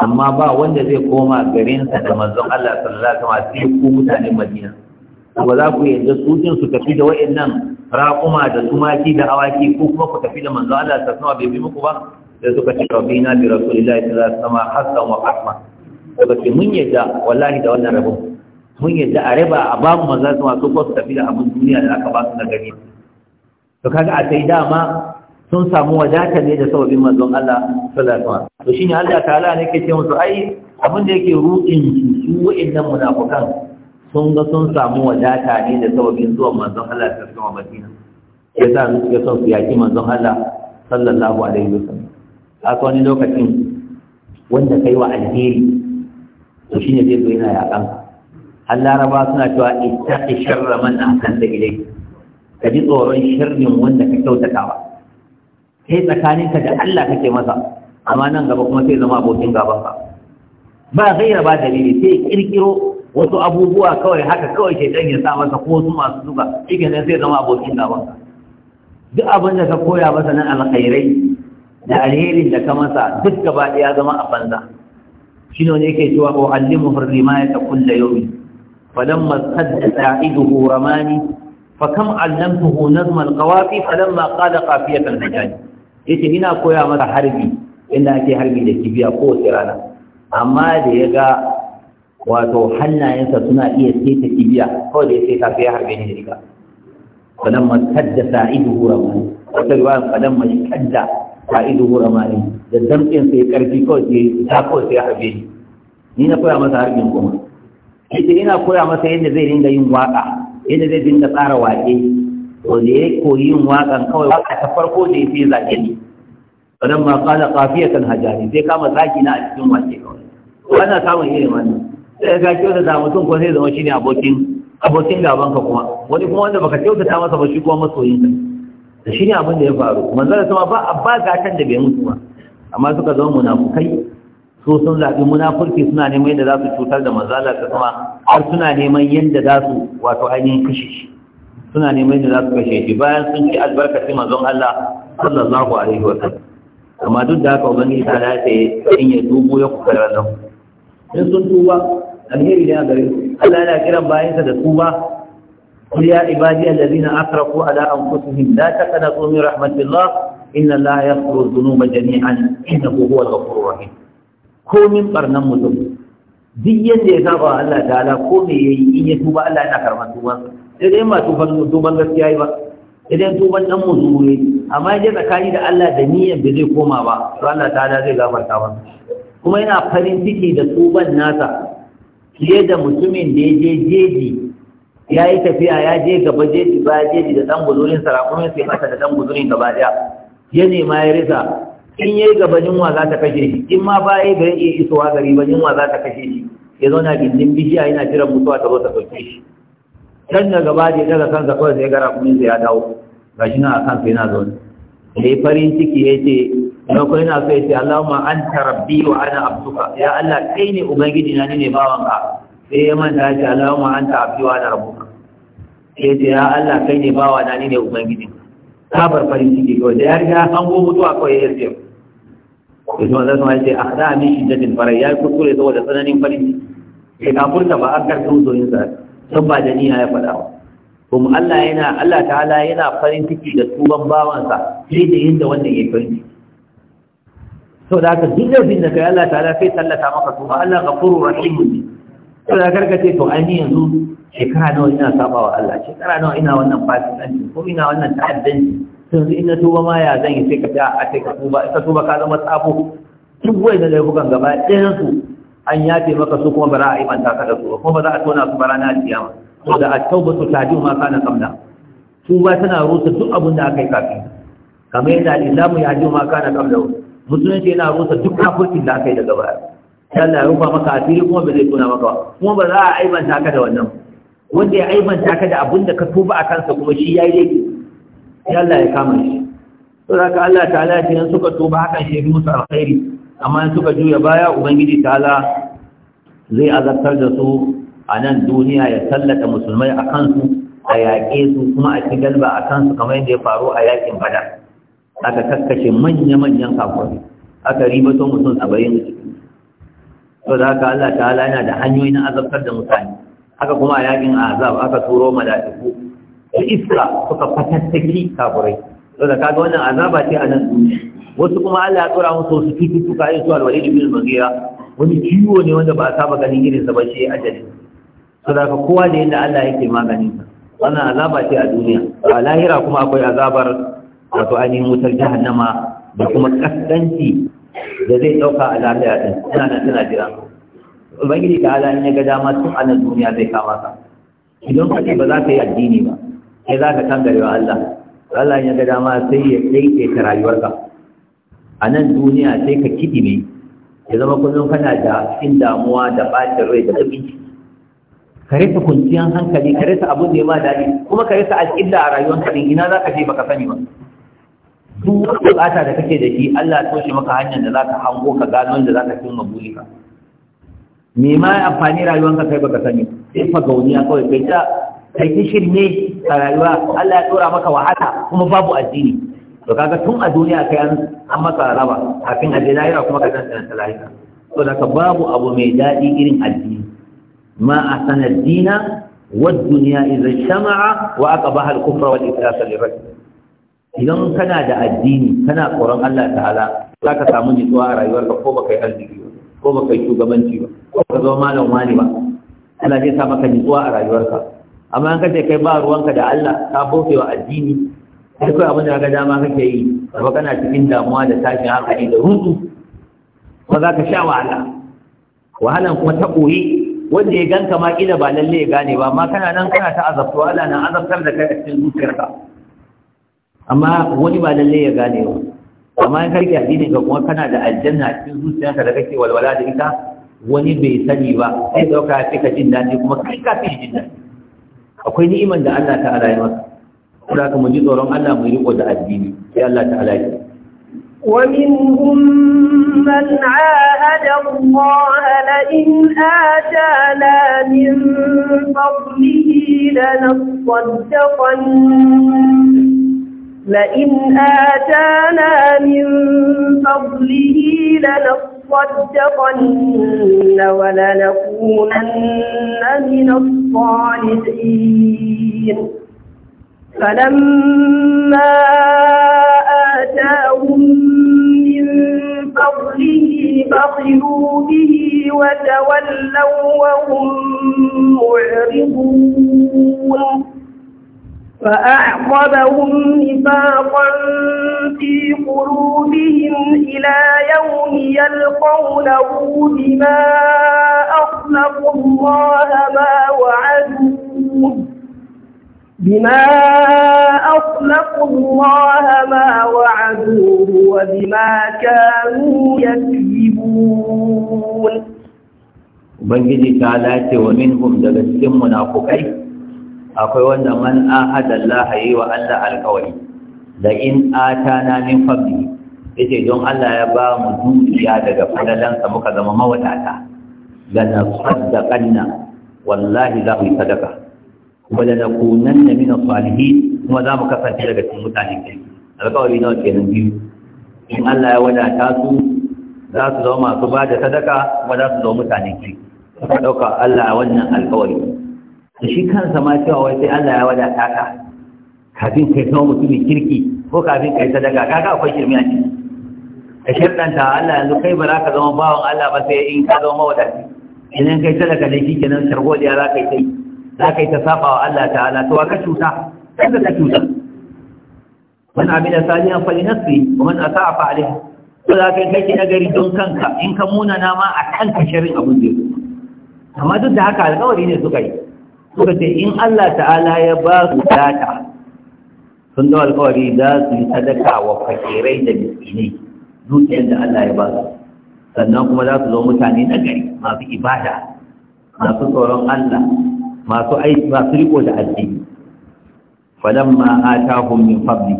amma ba wanda zai koma garinsa da manzon Allah sallallahu alaihi wasallam sai ku mutanen Madina ba za ku yarda su din su tafi da wayannan rakuma da tumaki da awaki ko kuma ku tafi da manzon Allah sallallahu alaihi wasallam bai bi muku ba da suka ce rabbina bi rasulillahi sallallahu alaihi wasallam hasan wa Da daga ke mun yarda wallahi da wannan rabon mun yadda a raba a babu maza su masu ko su tafi da abin duniya da aka ba su na gani to kaga a sai dama sun samu wadata ne da sababin mazon Allah sallallahu alaihi wasallam to shine Allah ta'ala ne yake ce musu ai abin da yake ruɗin su wa'annan munafukan sun ga sun samu wadata ne da sababin zuwan manzon Allah sallallahu alaihi wasallam Ya sa ya son su yaki manzon Allah sallallahu alaihi wasallam a wani lokacin wanda kai wa alheri to shine zai zo yana yakan har laraba suna cewa ittaqi sharra man ahsanta ilayhi ka ji tsoron sharrin wanda ka kyautata ba. Sai tsakaninka da Allah kake masa amma nan gaba kuma sai zama abokin gaban ka ba gaira ba dalili sai kirkiro wasu abubuwa kawai haka kawai shaidan ya sa masa ko wasu masu zuga cikin nan sai zama abokin gaban ka duk abin da ka koya masa nan alkhairai da alherin da ka masa duk gaba ya zama a banza shi ne yake cewa ko allimu hurri ma ya ta kulla yau فلما ارتد ساعده رماني فكم علمته نظم القوافي فلما قال قافية الحجاج yace ina koya masa harbi inda ake harbi da kibiya ko rana amma da ya ga wato hannayensa suna iya seta kibiya kawai da ya seta sai ya harbe ni da riga kadan mastajja sa'iduhu ramani wata riwaya kadan mastajja sa'iduhu ramani da damtsin sai karfi kawai sai kawai sai ni na koya masa harbin kuma ita ina koya masa yadda zai ringa yin waka yadda zai dinga tsara wake to da ya koyi yin waƙan kawai waka ta farko da ya fi zaƙe ne sannan ma kala kafiyatan hajari zai kama zaki na a cikin waƙe kawai wannan samun irin wannan sai ka kyauta da mutum ko zai zama shine abokin abokin gaban ka kuma wani kuma wanda baka kyautata masa ba shi kuma masoyin ka da shine abin da ya faru manzon sama ba ba gatan da bai mutu ba amma suka zama munafukai su sun zaɓi munafurci suna neman yadda za su cutar da manzala ta kuma har suna neman yadda za su wato ainihin kashe shi suna neman yadda za su kashe shi bayan sun ci albarkacin mazan Allah sallallahu alaihi wa sallam amma duk da haka ubangiji ta da ta in ya dubo ya kuka da in sun tuba alheri ne a gare su Allah yana kiran bayansa da tuba قل يا عبادي الذين أسرفوا على أنفسهم لا تقنطوا من رحمة الله إن الله يغفر الذنوب جميعا إنه هو الغفور الرحيم komin barnan mutum duk yadda ya saba Allah ta'ala ko me yayi in ya tuba Allah yana karɓar tubansa sai dai ma tuban tuban gaskiya yi ba idan tuban dan muzuru ne amma idan tsakani da Allah da niyyar da zai koma ba to Allah ta'ala zai gafarta ba. kuma yana farin ciki da tuban nasa fiye da mutumin da ya je jeji ya yi tafiya ya je gaba jeji ba jeji da dan guzurin sarakunin sai masa da dan guzurin gaba daya ya nema ya risa in yayi gaban yunwa za ta kashe shi in ma ba yi garin iya isowa gari ba yunwa za ta kashe shi ya zauna gindin bishiya yana jiran mutuwa ta zo ta dauke shi can da gaba da daga kansa kawai sai gara kuma sai ya dawo shi nan a kansa yana zaune sai farin ciki ya ce na kuma yana so ya ce Allahumma anta rabbi wa ana abduka ya Allah kai ne ubangiji na ni ne bawanka sai ya manta ya ce Allahumma anta abdi wa ana rabbuka ya ce ya Allah kai ne bawa na ni ne ubangiji ka bar farin ciki kawai da ya riga an go mutuwa kawai ya ce kuma wanda sun haice a haɗa min shiddatin farai ya yi kuskure saboda tsananin farin ciki sai kafurta ba a karfin zoyinsa sun ba da niyya ya faɗa wa kuma Allah yana Allah ta'ala yana farin ciki da tuban bawansa sai da yadda wanda ya farin ciki sau da aka duk laifin da kai Allah ta'ala sai tallata maka tuba Allah ghafurur rahim ne sau da karka ce to ainihin yanzu shekara nawa ina saba wa Allah shekara nawa ina wannan fasikanci ko ina wannan ta'addanci yanzu in na tuba ma ya zan yi sai ka ta a sai ka tuba ka tuba ka zama tsafo duk wai da laifukan gaba ɗayan su an yafe maka su kuma ba za a imanta ka da su kuma ba za a tona su ba ranar kiyama to da at tu tahdiu ma kana qabla tuba tana rusa duk abin da aka yi kafin kamar yadda al-islamu ya ji ma kana qabla musulunci yana rusa duk kafircin da aka yi daga baya Allah ya rufa maka asiri kuma ba zai tona maka ba kuma ba za a aibanta ka da wannan wanda ya aibanta ka da abin da ka tuba a kansa kuma shi ya laifi ya Allah ya kama shi to haka Allah ta'ala ya ce in suka tuba hakan shi musu alkhairi amma in suka juya baya ubangiji ta'ala zai azabtar da su a nan duniya ya sallata musulmai a kansu a yaƙe su kuma a ci galba a kansu kamar yadda ya faru a yaƙin bada aka kakkashe manya-manyan kakwari aka ribato mutum saba'in da cikin to da haka Allah ta'ala yana da hanyoyi na azabtar da mutane haka kuma a yaƙin azab aka turo mala'iku da iska suka fatattaki kaburai. saboda kaga wannan azaba ce a nan wasu kuma Allah ya tsora musu wasu cututtuka irin su alwali da bin magira wani ciwo ne wanda ba a saba ganin irin sa ba shi ajali saboda ka kowa da yadda Allah yake maganin sa wannan azaba ce a duniya a lahira kuma akwai azabar wato ainihin wutar jahannama da kuma kaskanci da zai dauka a lahira din Suna nan tana jira ubangiji ta ala in ya ga dama tun a nan duniya zai kama ka idan ka ba za ka yi addini ba sai za ka kangare wa Allah Allah ya ga dama sai ya daidaita rayuwarka a nan duniya sai ka kidime ya zama kullum kana da cikin damuwa da bacin rai da bakin ka rasa kunciyan hankali ka rasa abin da ya ma daɗi kuma ka rasa al'idda a rayuwar din ina za ka je baka sani ba duk bukata buƙata da kake da shi Allah ya toshe maka hanyar da za ka hango ka gano da za ka cimma ka. me ma amfani rayuwar ka kai baka sani sai gauniya kawai kai ta kai ta shirme a rayuwa Allah ya dora maka wahala kuma babu addini to kaga tun a duniya kai an an maka raba kafin a lahira kuma ka tantance lahira to da babu abu mai daɗi irin addini ma ahsana ad-dina والدنيا إذا اجتمع وأقبها الكفر والإفلاس للرجل idan kana da addini kana tsoron Allah ta'ala za ka samu nutsuwa a rayuwarka ko baka yi arziki ba ko baka yi shugabanci ba ko ka zama malam wani ba Allah zai sa maka nutsuwa a rayuwarka amma an kace kai ba ruwanka da Allah ka bofe wa addini sai kai abin da ka dama kake yi ba kana cikin damuwa da tashin hankali da rudu ba za ka sha wahala wahalan kuma ta koyi wanda ya ganka ma kila ba lalle ya gane ba amma kana nan kana ta azabtu Allah na azabtar da kai a cikin zuciyarka amma wani ba lalle ya gane ba amma in karki addini ka kuma kana da aljanna a cikin zuciyarka da kake walwala da ita wani bai sani ba sai dauka sai ka jin daɗi kuma kai ka fi jin daɗi akwai ni'imar da Allah ta alaye maka kuma ka mu ji tsoron Allah mu riko da addini sai Allah ta'ala ya ومنهم من عاهد الله لئن آتانا من فضله لنصدقن لئن آتانا من فضله لنصدقن لنصدقن ولنكونن من الصالحين فلما آتاهم من فضله بخلوا به وتولوا وهم معرضون فأعقبهم نفاقا في قلوبهم إلى يوم يلقونه بما أخلقوا الله ما وعدوه بما أخلقوا الله ما وعدوه وبما كانوا يكذبون Ubangiji ta lace wa minhum daga cikin munafukai akwai wanda man ahada yi wa Allah alƙawari da in atana min fadli yace don Allah ya ba mu dukiya daga fadalansa muka zama mawadata lana saddaqanna wallahi za mu yi sadaka da wa lana kunanna min salihin kuma za mu kasance daga cikin mutanen kai alƙawari nawa kenan biyu in Allah ya wadata su za su zama masu ba da sadaka kuma za su zama mutanen kai ka ɗauka Allah wannan alƙawari Da shi kansa ma cewa wai sai Allah ya wadata ka kafin kai kawo mutumin kirki ko kafin kai sadaka kaga akwai shirme a ciki ka shaddanta Allah yanzu kai ba za ka zama bawan Allah ba sai in ka zama mawadaci idan kai talaka ne shi kenan shargoliya za ka yi kai za ka yi ta saba wa Allah ta'ala to ka cuta kada ka cuta Wani man amila salihan fa linafsi wa man asa'a fa alayhi Ko za ka kai na gari don kanka in ka muna na ma a kanka sharrin abun zai amma duk da haka alƙawari ne suka yi suka ce in Allah ta'ala ya ba su data sun da alƙawari za su yi sadaka wa fakirai da miskinai dukiyar da Allah ya ba su sannan kuma za su zo mutane na gari masu ibada masu tsoron Allah masu aiki masu riko da addini falamma atahum min fadli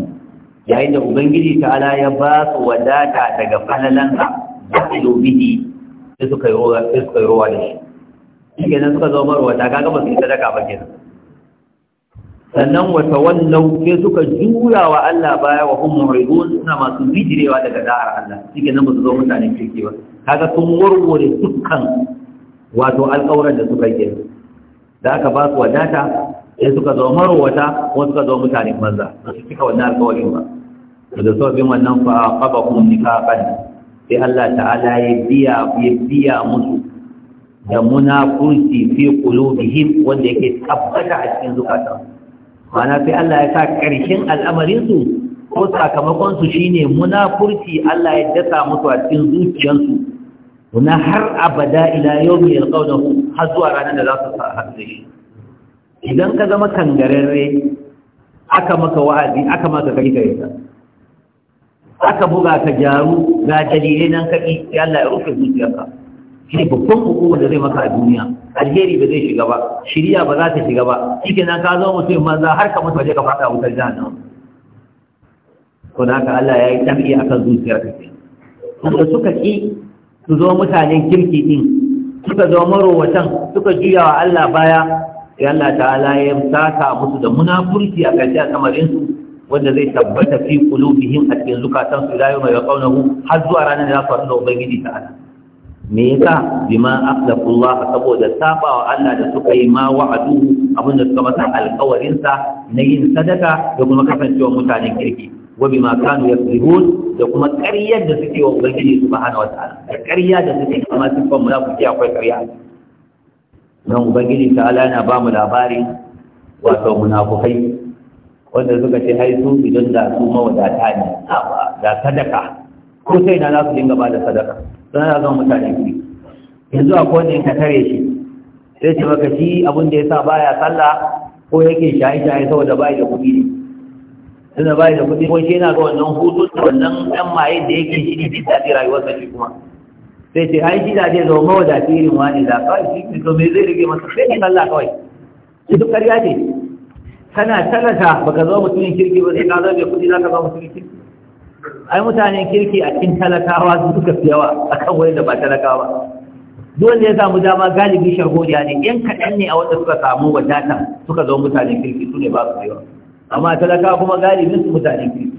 yayin da ubangiji ta'ala ya ba su wadata daga falalansa dakhilu bihi sai suka yi rowa da shi shi kenan suka zo marwata kaga ba su yi sadaka ba kenan sannan wata wallau sai suka juya wa Allah baya wa hum muridun suna masu bijirewa daga da'ar Allah shike nan ba su zo mutanen kirki ba kaga sun warware dukkan wato alƙawaran da suka yi da aka ba su wadata sai suka zo marwata ko suka zo mutanen manza ba su cika wannan alƙawarin ba da da bin wannan fa qabahum nifaqan sai Allah ta'ala ya biya ya biya musu da munafurci fi qulubihim wanda yake tabbata a cikin zukatansu mana sai Allah ya sa ƙarshen al'amarinsu ko sakamakonsu shi ne munafurci Allah ya dasa musu a cikin zuciyarsu na har abada ila yau mai alƙaunahu har zuwa ranar da za su sa har shi idan ka zama kangararre aka maka wa'azi aka maka kai gare ka aka buga ka jaru ga dalilai nan kaɗi sai Allah ya rufe zuciyarka shi babban hukuma da zai maka a duniya alheri ba zai shiga ba Shirya ba za ta shiga ba shi nan ka zo mutum maza har ka mutu waje ka fada wutar nan ko da haka Allah ya yi tabi kan zuciyar ka kuma suka ki su zo mutanen kirki din suka zo marowatan suka juya wa Allah baya sai Allah ta'ala ya saka musu da munafurci a karshe a su wanda zai tabbata fi kulubihim a cikin zukatansu ila ya yaqawnahu har zuwa ranar da za su faru da ubangiji ta'ala me yasa bima aqlaqullah saboda sabawa Allah da suka yi ma wa'adu abinda suka masa alƙawarin sa na yin sadaka da kuma kasancewa mutanen kirki wa bima kanu yakzibun da kuma ƙaryar da suke wa ubangiji subhanahu wataala da ƙarya da suke kuma sun ban munafiki akwai ƙarya don ubangiji ta'ala yana ba mu labari wato munafukai wanda suka ce hai su idan da su mawadata ne da sadaka ko sai na za su dinga ba da sadaka don ana zama mutane biyu yanzu a kowane ka tare shi sai ce maka shi abin da ya sa baya sallah ko yake shaye-shaye saboda ba da kuɗi ne tunda bai da kuɗi ko shi yana ga wannan hutu da wannan ɗan maye da yake shi ne bi daɗi rayuwarsa shi kuma sai ce ai shi da zai zama mawadaci irin wani da kawai shi ne to me zai rage masa sai ne sallah kawai shi duk ƙarya ce kana talata baka zama mutumin kirki ba sai ka zama mai kuɗi za ka zama mutumin kirki ai mutanen kirki a cikin talakawa su suka fi yawa a kan wani da ba talakawa dole ya samu dama galibi sharholiya ne yan kaɗan ne a wanda suka samu wadata suka zama mutanen kirki su ne ba su yawa amma talakawa kuma galibin su mutane kirki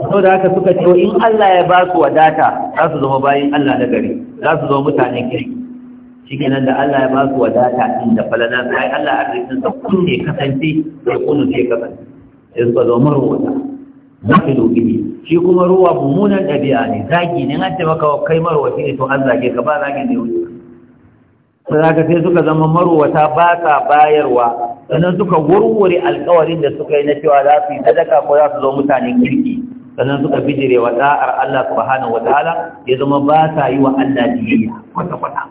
sau da haka suka ce in Allah ya ba su wadata za su zama bayin Allah na gari za su zama mutanen kirki shikenan da Allah ya ba su wadata din da falana sai Allah rikin sa kunne kasance da kunu sai kasance sai suka zo marwata nafilu bihi shi kuma ruwa mummunan ɗabi'a ne zagi ne an taimaka kai marwaci ne to an zage ka ba zagin da ya wuce sadaka sai suka zama marwata ba sa bayarwa sannan suka wurwuri alkawarin da suka yi na cewa za su yi sadaka ko za su zo mutanen kirki sannan suka bijire wa da'ar Allah subhanahu wataala ya zama ba sa yi wa Allah biyayya kwata kwata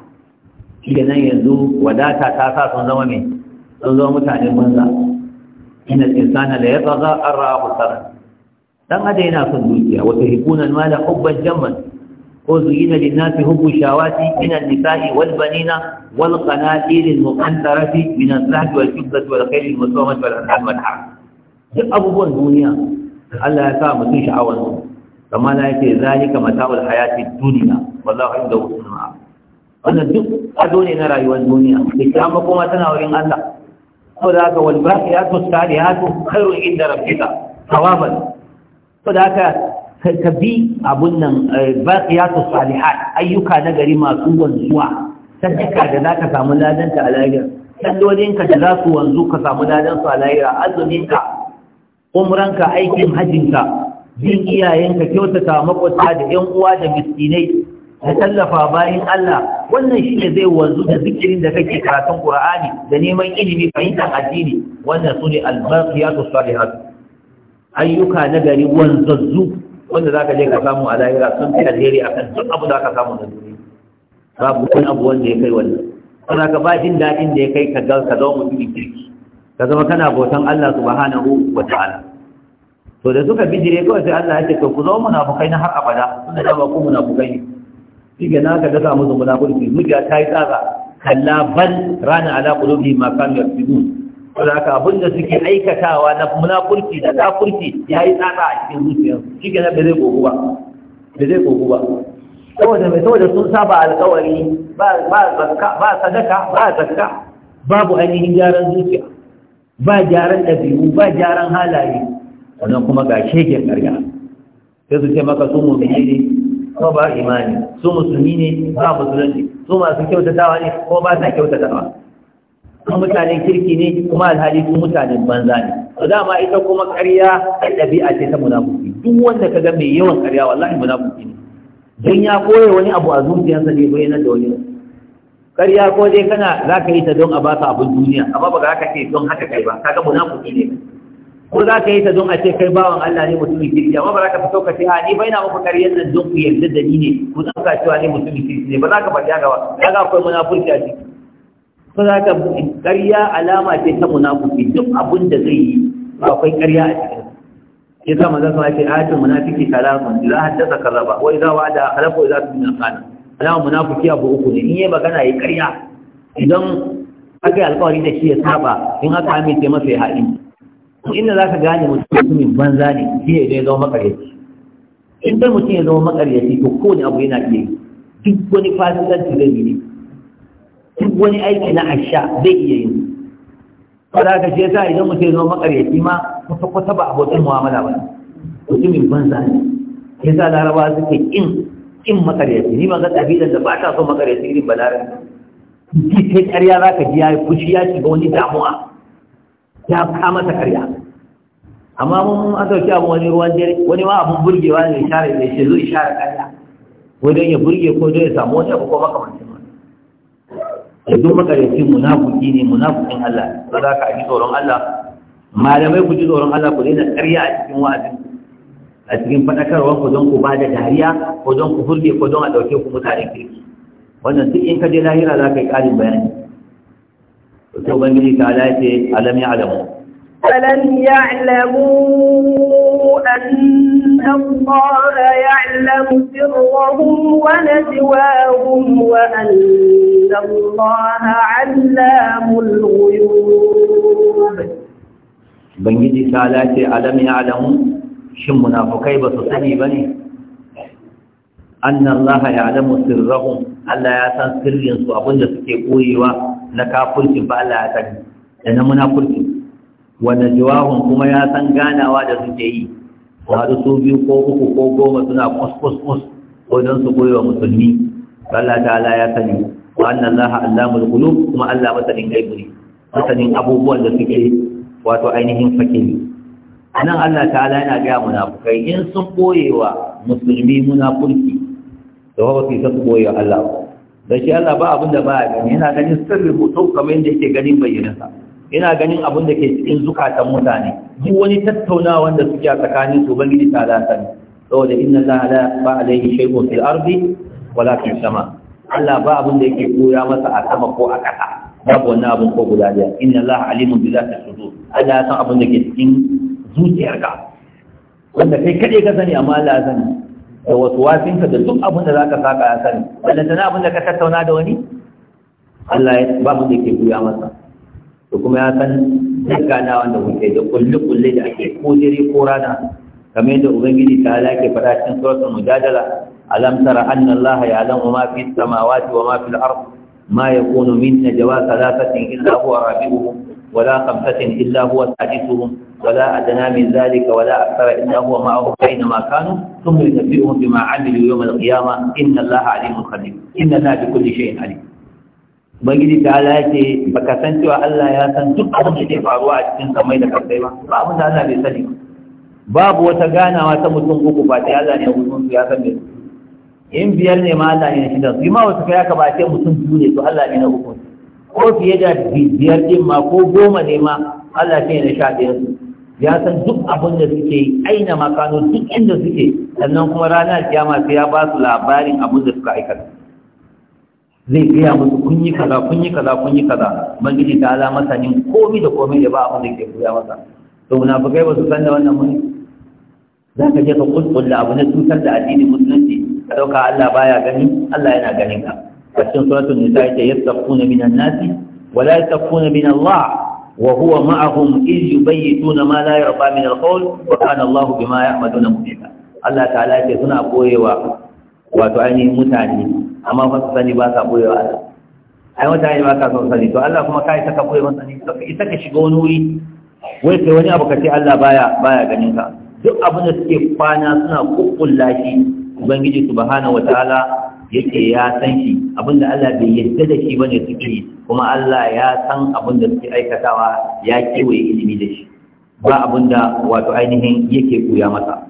shi da nan yanzu wadata ta sa sun zama mai sun zama mutanen banza inna insana la yatagha arahu sarra dan ada yana son dukiya wa tahibuna al-mala hubban jamman ko zuyina lin-nasi hubbu shawati min an-nisa'i wal-banina wal-qanatir al-muqantarati min al-zahab wal-fiddati wal-khayl al-musawwamati wal-an'am wal-harth duk abubuwan duniya Allah ya sa mu mutum sha'awar su kamar na yake zalika mata'ul hayati dunya wallahu inda husnul wannan duk ado ne na rayuwar duniya kiyama kuma tana wurin Allah saboda haka wal baqiyatu salihatu khairu inda rabbika thawaban saboda haka ka bi abun nan eh, baqiyatu salihat ayyuka na gari masu wanzuwa sadaka da zaka samu ladan ta alayya sallolin ka da za su wanzu ka samu ladan su alayya azumin ka ka aikin hajjinka, jin iyayen ka kyautata makwata da yan uwa da miskinai da tallafa bayan Allah wannan ne zai wanzu da zikirin da kake karatun Qur'ani da neman ilimi fahimtar addini wannan sune al-baqiyatu salihat ayyuka na gari wanzazzu wanda za ka je ka samu a lahira sun fi alheri a kan duk abu da ka samu na duniya babu wani abu wanda ya kai wannan Kana ka ba jin daɗin da ya kai ka gal ka zama mutumin kirki ka zama kana bautan Allah subhanahu wa ta'ala to da suka bijire kawai sai Allah ya ce to ku zama munafukai na har abada suna da ba ku munafukai ne shi ga na ka dasa musu munafurci zuciya ta yi tsara kalla bal rana ala qulubi ma kanu yafsidun saboda haka abin da suke aikatawa na munafurci da kafurci ya yi tsada a cikin zuciyar shi ke nan bai zai gogu ba bai zai gogu ba saboda mai saboda sun saba alkawari ba sadaka ba zakka babu ainihin gyaran zuciya ba gyaran ɗabi'u ba gyaran halaye Wannan kuma ga shegen ƙarya sai su ce maka su mummuni ne kuma ba imani su musulmi ne ba musulunci su masu kyautatawa ne kuma ba sa kyautatawa kuma mutanen kirki ne kuma alhali su mutanen banza ne to dama ita kuma ƙarya ai ɗabi'a ce ta munafiki duk wanda ka ga mai yawan ƙarya wallahi munafiki ne don ya koya wani abu a zuciyarsa ne nan da wani ƙarya ko dai kana za ka yi ta don a ba ta abin duniya amma ba za ka ce don haka kai ba kaga munafiki ne ko za ka yi ta don a ce kai bawan Allah ne mutumin kirki amma ba za ka fito ka ce a ni bai na muku ƙaryar nan don ku yarda da ni ne ku ɗauka cewa ne mutumin kirki ne ba za ka faɗi haka ba kaga akwai munafurci a ciki ko za ka ƙarya alama ce ta munafiki duk abin da zai yi akwai ƙarya a cikin ya sa manzon sama ce ayatul munafiki kalamun idza haddatha za wa idza wa'ada halafa wa idza tumina qala alama munafiki abu uku ne in yayi magana yayi ƙarya idan aka yi alƙawari da shi ya saba in aka sai masa ya haɗi inda za ka gane mutumin banza ne shi ne idan ya zama makaryaci in dai mutum ya zama makaryaci to kowane abu yana iya duk wani fasikanci zai yi ne duk wani aiki na asha zai iya yi ba za ka ce sa idan mu ya zo makaryaci ma kusa kusa ba abokin mu'amala ba mutumin banza ne yasa laraba suke in in makaryaci ni ma ga kabilar da ba ta so makaryaci irin balaran ji kai ƙarya za ka ji ya yi fushi ya shiga wani damuwa ya kama ta karya amma mun an dauki abu wani ruwan dare wani ma abun burgewa ne ya share da shi zo share karya ko don ya burge ko don ya samu wani abu ko makamancin da duk makaryaci munafiki ne munafikin Allah ba za ka ji tsoron Allah malamai ku ji tsoron Allah ku daina ƙarya a cikin wa'azin a cikin fadakarwa ku don ku ba da dariya ko don ku furge ko don a dauke ku mutane kirki wannan duk in ka je lahira za ka yi ƙarin bayani to ubangiji ta ala ce alam ya alamu alam ya alamu الله يعلم سرهم ونزواهم وأن الله علام الغيوب Ubangiji ta lafi alami alamu shin munafukai ba su sani ba ne? Annan laha ya alamu sirrahun Allah ya san sirrinsu abinda suke koyewa na kafurcin ba Allah ya sani da na munafurcin. Wanda jiwahun kuma ya san ganawa da suke yi haɗu su biyu ko uku ko goma suna kuskus ko don su koyi wa musulmi Allah ta'ala ya sani wa annan laha allamul qulub kuma Allah masanin gaibu ne masanin abubuwan da suke wato ainihin ne. nan Allah ta'ala yana ga munafukai in sun koye wa musulmi munafurki to ba su su koye wa Allah da shi Allah ba abin da ba ya gani yana ganin sirri ko kamar yadda yake ganin sa. ina ganin abin da ke cikin zukatan mutane duk wani tattaunawa wanda suke a tsakanin su ubangiji ta lasa ne saboda inna allaha la ba alaihi shay'un fil ardi wala fis sama Allah ba abin da yake koya masa a sama ko a ƙasa babu wannan abin ko guda daya inna allaha alimun bi zati sudur Allah ya san abin da ke cikin zuciyarka wanda kai kaɗai ka sani amma Allah ya sani da wasu wasinka da duk abin da za ka saka ya sani wanda tana abin da ka tattauna da wani Allah ya ba mu da ke buya masa da kuma ya san dangana wanda kuke da kulle-kulle da ake ko dare ko rana kamar yadda ubangiji ta halake faɗa cikin suratul mujadala alam tara anna allaha ya'lamu ma fi samawati wa ma fil ard ma yakunu min najwa thalathatin illa huwa rabi'uhum wala khamsatin illa huwa sadisuhum wala adna min zalika wala akthara illa huwa ma'ahum aina ma kanu thumma yunabbi'uhum bima 'amilu yawm al-qiyamah inna allaha 'alimun khabir inna allaha bi kulli shay'in 'alim bangiji ta ala ya ce ba ka san cewa Allah ya san duk abin da ke faruwa a cikin samai da kasai ba ba abin da Allah bai sani babu wata ganawa ta mutum uku ba ta yaza ne mutum su ya san me in biyar ne ma Allah ne da su ma wasu kaya ka ba ce mutum biyu ne to Allah ne na uku ko fiye da biyar din ma ko goma ne ma Allah ne na sha biyar. su ya san duk abin da suke yi aina makano duk inda suke sannan kuma ranar kiyama sai ya ba su labarin abin da suka aikata zai gaya musu kun yi kaza kun yi kaza kun yi kaza ubangiji ta ala masa yin komai da komai da ba abin da ke koya masa to munafikai ba su san da wannan mun za ka je ka kuskulla abu na cutar da addinin musulunci ka dauka Allah baya gani Allah yana ganin ka cikin suratul nisa yake yattaquna minan nasi wa la yattaquna min Allah wa huwa ma'ahum iz yubayyituna ma la yarda min al-qawl wa kana Allah bima ya'maluna muhita Allah ta'ala yake suna koyewa wato ainihin mutane amma ba su sani ba sa boye wa Allah ai mutane ba ka son sani to Allah kuma kai saka boye masa ne to ita ka shiga wani wuri wai sai wani abu ka ce Allah baya baya ganin ka duk abin da suke kwana suna kukkulla shi ubangiji subhanahu wataala yake ya san shi da Allah bai yarda da shi bane suke yi kuma Allah ya san da suke aikatawa ya kewaye ilimi da shi ba da wato ainihin yake koya masa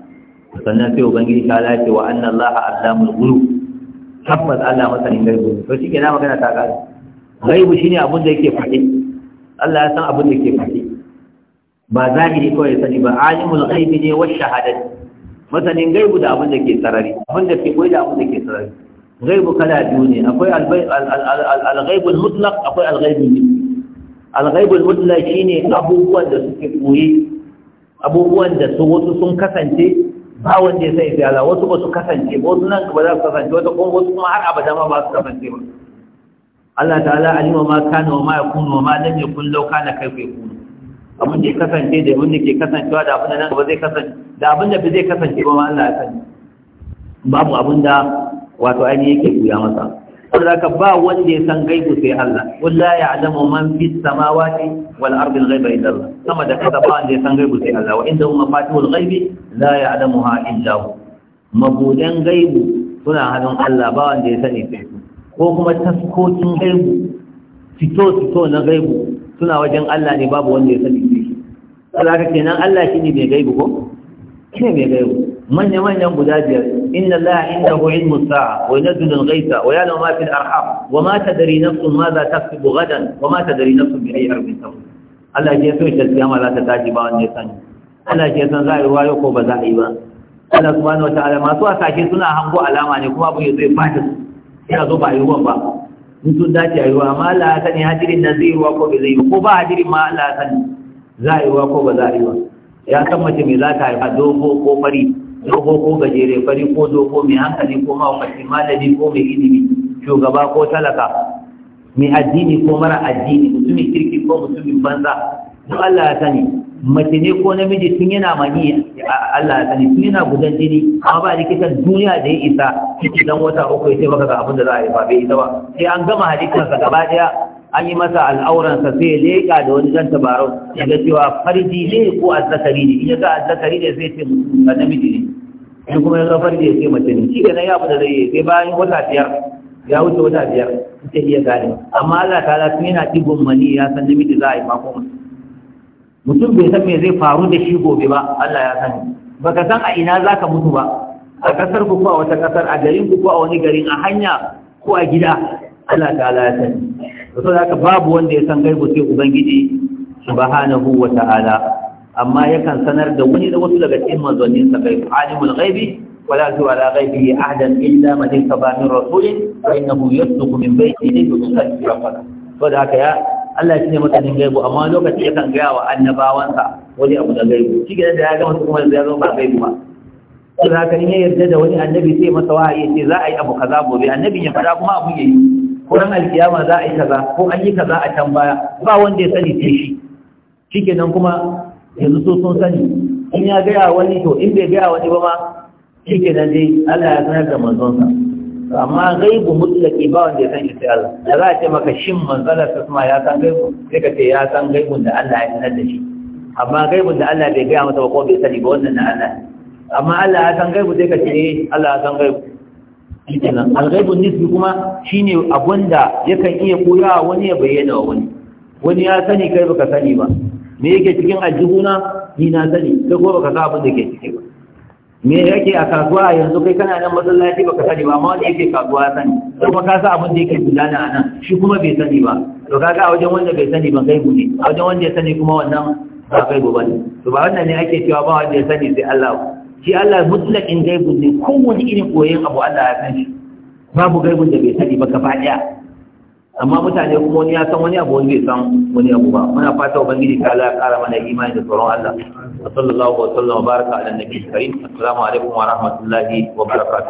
sannan sai ubangiji ta lafi wa annan laha allamul ghulub tabbas Allah masanin gaibu to shi ke na magana ta kare. gaibu shine abin da yake faɗi Allah ya san abin da yake faɗi ba zahiri kawai sani ba alimul ghaibi ne wa shahadati masanin gaibu da abin da ke sarari abin da ke koyi da abin da ke sarari gaibu kala biyu ne akwai al-ghaibul mutlaq akwai al-ghaibul al mutlaq shine abubuwan da suke koyi abubuwan da su wasu sun kasance ba wanda ya sai Allah wasu ba su kasance ba wasu nan ba za su kasance wata kuma wasu kuma har abada ma ba su kasance ba Allah ta'ala alima ma kana wa ma yakunu wa ma lam yakun law kana kayfa yakunu abin da ya kasance da abin da ke kasancewa da abin da nan ba zai kasance da abin da ba zai kasance ba ma Allah ya sani babu abin da wato ainihi yake buya masa saboda ka ba wanda ya san gaibu sai Allah wallahi ya'lamu man fi samawati wal ardi al-ghaiba illa Allah sama da kaza ba wanda ya san gaibu sai Allah wa inda hum mafatihul ghaibi la ya'lamuha illa hu mabudan gaibu suna hannun Allah ba wanda ya sani sai ko kuma taskokin gaibu fito fito na gaibu suna wajen Allah ne babu wanda ya sani sai saboda kenan Allah shine mai gaibu ko shi ne mai gaibu manya-manyan guda biyar inna la inda hu ilmu sa'a wa yunazzilu al-ghaytha wa ya'lamu ma fil wa ma tadri nafsun ma za taksubu Bugadan? wa ma tadri nafsun bi ayyi ardin tamut Allah ke so shi kiyama za ta tashi ba wanda ya sani Allah ya san za a yi wayo ko ba za a yi ba Allah subhanahu wa ta'ala masu asashe suna hango alama ne kuma abin ya zai fashin. ya zo ba yi ruwan ba in sun dace a yi ruwa amma Allah ya sani hajirin nan zai yi ruwa ko bai zai yi ko ba hadirin ma Allah ya sani za a yi ruwa ko ba za a yi ruwa ya san mace mai za ta haifa dogo ko fari dogo ko gajere fari ko dogo mai hankali ko mawakaci malami ko mai ilimi shugaba ko talaka mai addini ko mara addini mutumin kirki ko mutumin banza to Allah ya sani mace ne ko namiji tun yana mani Allah ya sani tun yana gudan jini amma ba likitan duniya da ya isa cikin dan wata uku ya ce maka ga abin da za a yi ba bai isa ba sai an gama sa gaba daya an yi masa al'auransa sai leƙa da wani ɗan tabarau ya ga cewa farji ne ko azzakari ne in ga azzakari ne sai ce ga namiji ne in kuma ya farji ya ce mace ne shi ne ya abu da zai yi sai bayan wata biyar ya wuce wata biyar sai iya gane amma Allah ta lafi yana ɗigon mani ya san namiji za a yi mako mutum bai san me zai faru da shi gobe ba Allah ya sani baka san a ina za ka mutu ba a ƙasar ku ko a wata ƙasar a garin ku ko a wani garin a hanya ko a gida Allah ta ya sani da so haka babu wanda ya san gaibu sai ubangiji subhanahu wa ta'ala amma yakan sanar da wani da wasu daga cikin manzannin sa gaibu alimul ghaibi wala zuwa tu ala ghaibihi ahadan illa man ittaba min rasulin fa innahu yasduqu min baytihi bi sirri rabbana so da haka ya Allah shi ne masanin gaibu amma lokaci yakan gaya wa annabawansa wani abu na gaibu shi da ya ga wasu kuma ya zo ba gaibu ba sai haka in ya yarda da wani annabi sai masa wahayi sai za a yi abu kaza gobe Annabi ya fada kuma abun yayi ko ran alkiyama za a yi kaza ko an yi kaza a can baya ba wanda ya sani sai shi nan kuma yanzu so sun sani in ya gaya wani to in bai gaya wani ba ma nan dai Allah ya sanar da manzonsa amma gaibu mutlaki ba wanda ya san sai Allah da za a ce maka shin manzala ta kuma ya san gaibu sai ka ce ya san gaibun da Allah ya sanar da shi amma gaibun da Allah bai gaya masa ba ko bai sani ba wannan na Allah amma Allah ya san gaibu sai ka ce eh, Allah ya san gaibu kenan alghaibun nisbi kuma shine abunda yakan iya koya wani ya bayyana wa wani wani ya sani kai baka sani ba me yake cikin aljihuna ni na sani kai ko baka san abin da ke ciki ba me yake a kasuwa yanzu kai kana nan masallaci baka sani ba amma wani yake kasuwa ya sani kuma baka san abin da yake gudana a nan shi kuma bai sani ba to kaga a wajen wanda bai sani ba gaibu ne a wajen wanda ya sani kuma wannan ba gaibu ba ne to ba wannan ne ake cewa ba wanda ya sani sai Allah shi Allah mutlaqin gaibun ne kowane irin koyon abu Allah ya san shi babu gaibun da bai sani ba gaba daya amma mutane kuma wani ya san wani abu wani bai san wani abu ba muna fata ubangiji ta Allah ya kara mana imani da tsoron Allah sallallahu alaihi wa sallam baraka ala nabi karim assalamu alaikum wa rahmatullahi wa barakatuh